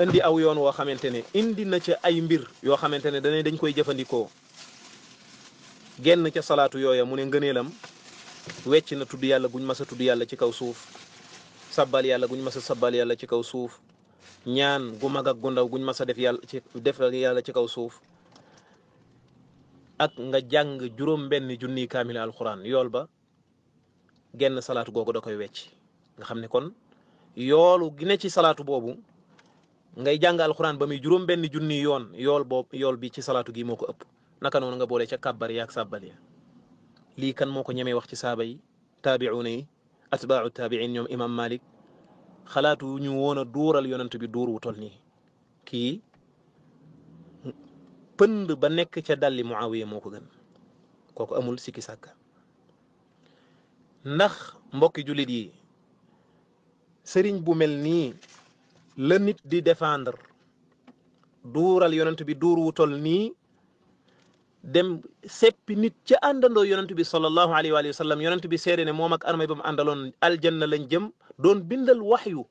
S1: indi aw yoon woo xamante ne indi na ca ay mbir yoo xamante ne danañ dañ koy jëfandikoo genn ca salaatu yooya mu ne ngëneelam wecc na tudd yàlla guñ masa a tudd yàlla ci kaw suuf sabbal yàlla guñ mas a sabbal yàlla ci kaw suuf ñaan gu mag ak gu ndaw guñ mas a def yàlla ci defal yàlla ci kaw suuf ak nga jàng juróom-benn junniy kaamil alxuraan yool ba genn salaatu googu da koy wecc nga xam ne kon yoolu gi ne ci salaatu boobu ngay jàng alxuraan ba muy juróom-benn junniy yoon yool boobu bi ci salaatu gi moo ko ëpp naka noonu nga boole ca kàbbar yaak ak ya likan kan moko ñame wax ci saaba yi taabicuuna yi atbaacu imam malik khalaatu ñu wona dural yonent bi duru wu tol nii kii pënd ba nekk ca dalli muawiya moko gën koku amul sikki saka ndax mbokki julit yi sëriñ bu mel nit di défendre dural yonent bi duru wu tol dem seppi nit ci àndandoo yonentu bi sallallahu alayhi wa sallam yonentu bi seede ne moom ak armay ba mu àndaloon aljanna lañ jëm doon bindal waxyu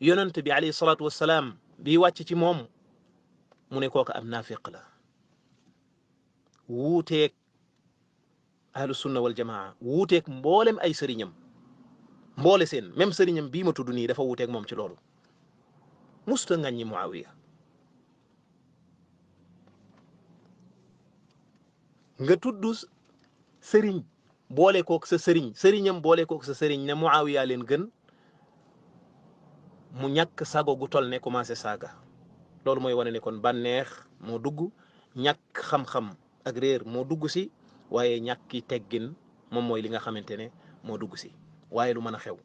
S1: yonent bi alayhi salatu wassalaam bi wàcc ci moom mu ne kooka am naafiq la wuuteeg ahlu sunna wal jamaa wuuteeg mboolem ay sëriñam mboole seen même sëriñam bii ma tudd nii dafa wuuteeg moom ci loolu musta ngañ ñi Muawiya nga tudd sëriñ boole kook sa sëriñ sëriñam boole kook sa sëriñ ne Muawiya leen gën mu ñàkk saago gu tol ne commencé saaga loolu mooy wane ne kon banneex moo dugg ñàkk xam-xam ak moo dugg si waaye ñàkki teggin moom mooy li nga xamante ne moo dugg si waaye lu mën a xew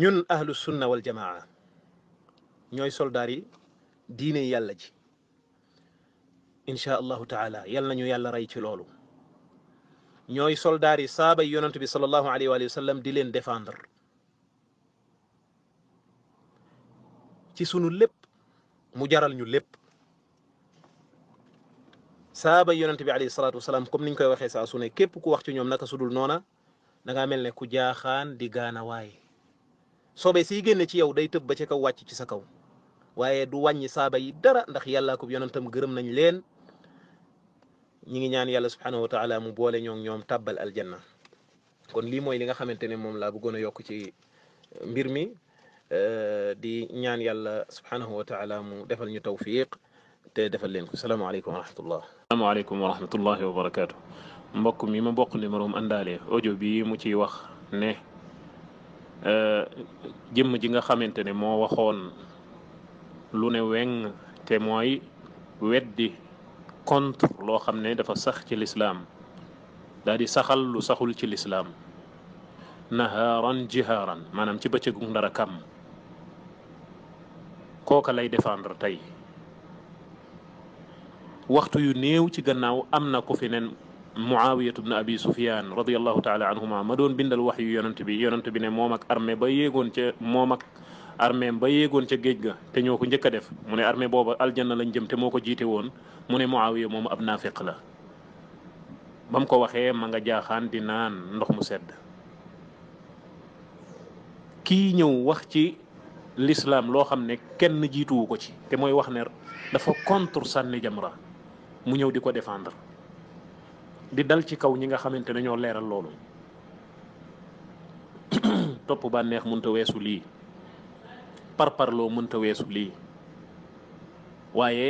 S1: ñun ahlu sunna wal jamaa ñooy soldaar diine yàlla ji incha allahu taala yal ñu yàlla rey ci loolu ñooy soldaar yi saabay yonent bi sallallahu alayhi wa sallam di leen défendre ci sunu lépp mu jaral ñu lépp saabay yonent bi alayhi salaatu wasalaam comme niñ koy waxee saa sune képp ku wax ci ñoom naka sudul noona da mel ne ku jaaxaan di gaana waaye soobee siy génne ci yow day tëb ba ca kaw wàcc ci sa kaw waaye du wàññi saaba yi dara ndax yàllaa ko yonentam gërëm nañ leen ñi ngi ñaan yàlla subhanahu wa taala mu boole ñoo ñoom tàbbal aljanna kon lii mooy li nga xamante ne moom laa bëggoon a yokk ci mbir mi di ñaan yàlla subhanahu wa taala mu defal ñu tawfiq te defal leen ko salaamaaleykum wa rahmatullah salaamaaleykum wa rahmatullahi wa barakaatu mbokk mi ma bokk ni am àndaale audio bi mu ciy wax ne jëmm ji nga xamante ne moo waxoon lu ne weng te mooy weddi contre lo xamne dafa sax ci l'islam daal di saxal lu saxul ci l'islam naharan jiharan manam ci beccu ndara kam koka lay défendre tay waxtu yu néew ci gannaaw amna ko fi nen muawiyatu bne abi sufyan radiallahu taala anhuma ma doon bindal wax yu yonent bi yonent bi ne moom ak armée ba yéegoon ca moom ak armée ba yéegoon ca géej ga te ñoo ko njëkk a def mu ne armée booba aljana lañ jëm te moo ko jiite woon mu ne Muawiya moomu ab naafiq la ba mu ko waxee ma nga jaaxaan di naan ndox mu sedd kii ñëw wax ci lislaam loo xam ne kenn jiituwu ko ci te mooy wax ne dafa contre sànni jamra mu ñëw di ko défendre di dal ci kaw ñi nga xamante ne ñoo leeral loolu [coughs] topp bànneex munta weesu lii par parparloo mënta weesu lii waaye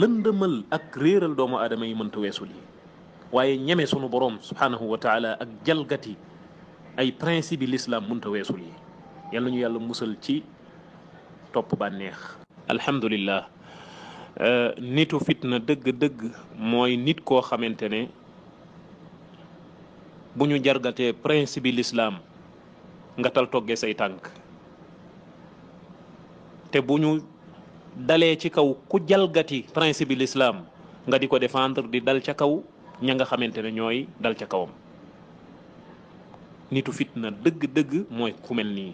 S1: lëndëmal ak réeral doomu aadama yi mënta weesu lii waaye ñeme sunu borom subhanahu ak jalgati ay principe yi mënta weesu lii yal nañu yàlla musal ci topp bànneex alhamdulillah euh, nitu fitna dëgg-dëgg mooy nit koo xamante ne bu ñu jargatee principe yi ngatal nga toggee say tànk te bu ñu dalee ci kaw ku jalgati principe l'islam nga di ko défendre di dal ca kaw ña nga xamante ne ñooy dal ca kawam nitu fitna dëgg-dëgg mooy ku mel nii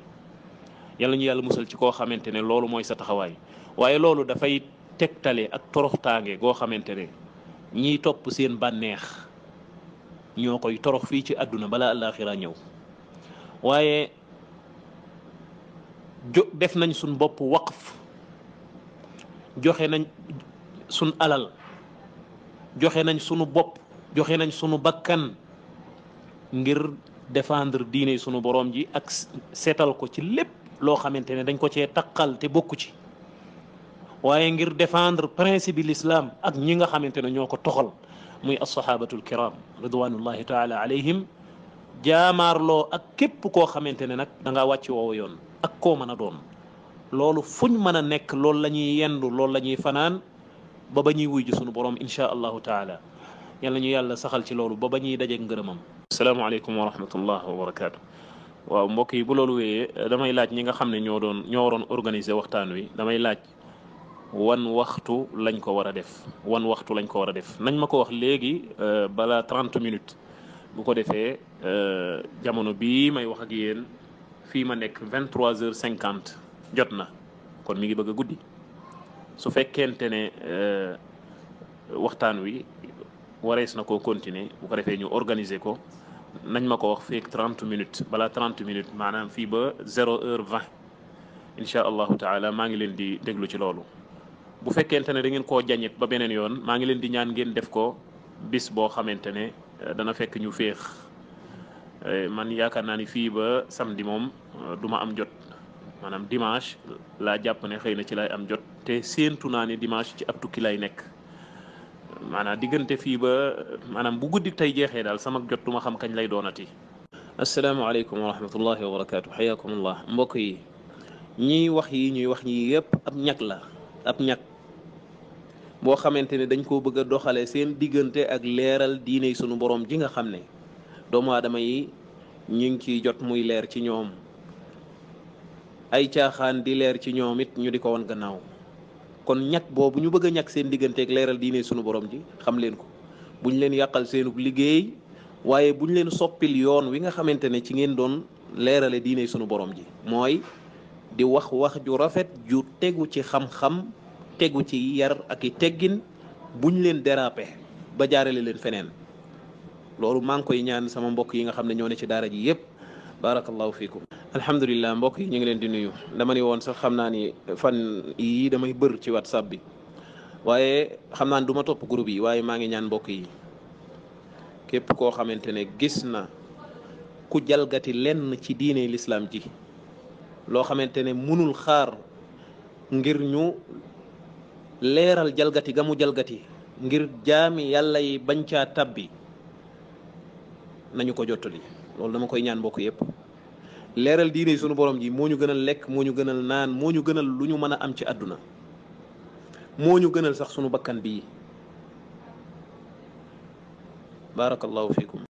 S1: yàlla ñu yàlla musal ci koo xamante ne loolu mooy sa taxawaay waaye loolu dafay tegtale ak torox toroxtaange goo xamante ne ñiy topp seen bànneex ñoo koy torox fii ci àdduna balaa àllaaxira ñëw waaye jo def nañ suñ bopp waqf joxe nañ suñ alal joxe nañ sunu bopp joxe nañ sunu bakkan ngir défendre diine sunu borom ji ak seetal ko ci lépp loo xamante ne dañ ko cee taqal te bokku ci waaye ngir defendre principe bi l'islam ak ñi nga xamante ne ñoo ko toxal muy assahabatul kiram ridwanullahi taala alayhim loo ak képp koo xamante ne nag da ngaa wàcc woowu yoon ak koo mën a doon loolu fuñ mën a nekk loolu la ñuy yendu loolu la ñuy fanaan ba ba ñuy wuy ji sunu borom insha allahu taala yàlla ñu yàlla saxal ci loolu ba ba ñuy dajeeg ngërëmam. salaamaaleykum wa rahmatullah wa barakaatu. waaw mbokk yi bu loolu wéyee damay laaj ñi nga xam ne ñoo doon ñoo waroon organiser waxtaan wi damay laaj wan waxtu lañ ko war a def wan waxtu lañ ko war a def nañ ma ko wax léegi euh, balaa 30 minutes bu ko defee euh, jamono bii may wax yéen. fii ma nekk vingt trois heures cinquante jot na kon mi ngi bëgg a guddi su fekkente ne euh, waxtaan wi warees na ko continuer bu ko defee ñu organiser ko nañ ma ko wax fii ak trente minutes bala trent minutes maanaam fii ba zéro heure vingt incha allah taala maa ngi leen di déglu ci loolu. bu fekkente ne da ngeen koo jañit ba beneen yoon maa ngi leen di ñaan ngeen def ko bis boo xamante ne dana fekk ñu féex. Eh, man yaakaar naa ni fii ba samedi moom euh, du ma am jot maanaam dimanche laa jàpp ne xëy na ci lay am jot te séentu naa ne dimanche ci ab tukki lay nekk maanaam diggante fii ba maanaam bu guddi tey jeexee daal sama jot du ma xam kañ lay doonati. asalaamaaleykum wa rahmatullahi wa barakaatu Allah. mbokk yi ñiy wax yi ñuy wax ñi yépp ab ñag la ab ñag boo xamante ne dañ koo bëgg a doxalee seen diggante ak leeral diine sunu borom ji nga xam ne. doomu aadama yi ñu ngi ciy jot muy leer ci ñoom ay caaxaan di leer ci ñoom it ñu di ko wan gannaaw kon ñàkk boobu ñu bëgg a ñàkk seen digganteeg leeral diine sunu borom ji xam leen ko buñ leen yàqal seenub liggéey waaye buñ leen soppil yoon wi nga xamante ne ci ngeen doon leerale diine sunu borom ji mooy di wax wax ju rafet ju tegu ci xam-xam tegu ci yar ak i teggin buñ leen déraper ba jaarale leen feneen. loolu maa ngi koy ñaan sama mbokk yi nga xam ne ñoo ne ci daara ji yépp barakallahu fikum Alhamdulillah mbokk yi ñu ngi leen di nuyu dama ni woon sax xam ni fan yii damay bër ci whatsapp bi waaye xam naa du ma topp groupe yi waaye maa ngi ñaan mbokk yi képp koo xamante gis na ku jalgati lenn ci diine lislaam ji loo xamante ne munul xaar ngir ñu leeral jalgati ga jalgati ngir jaami yàlla yi bañ caa tabbi nañu ko jottali loolu dama koy ñaan mbokk yépp leeral diine sunu boroom ji moo ñu gënal lekk moo ñu gënal naan moo ñu gënal lu ñu mën a am ci àdduna moo ñu gënal sax sunu bakkan bii barakallahu fiikum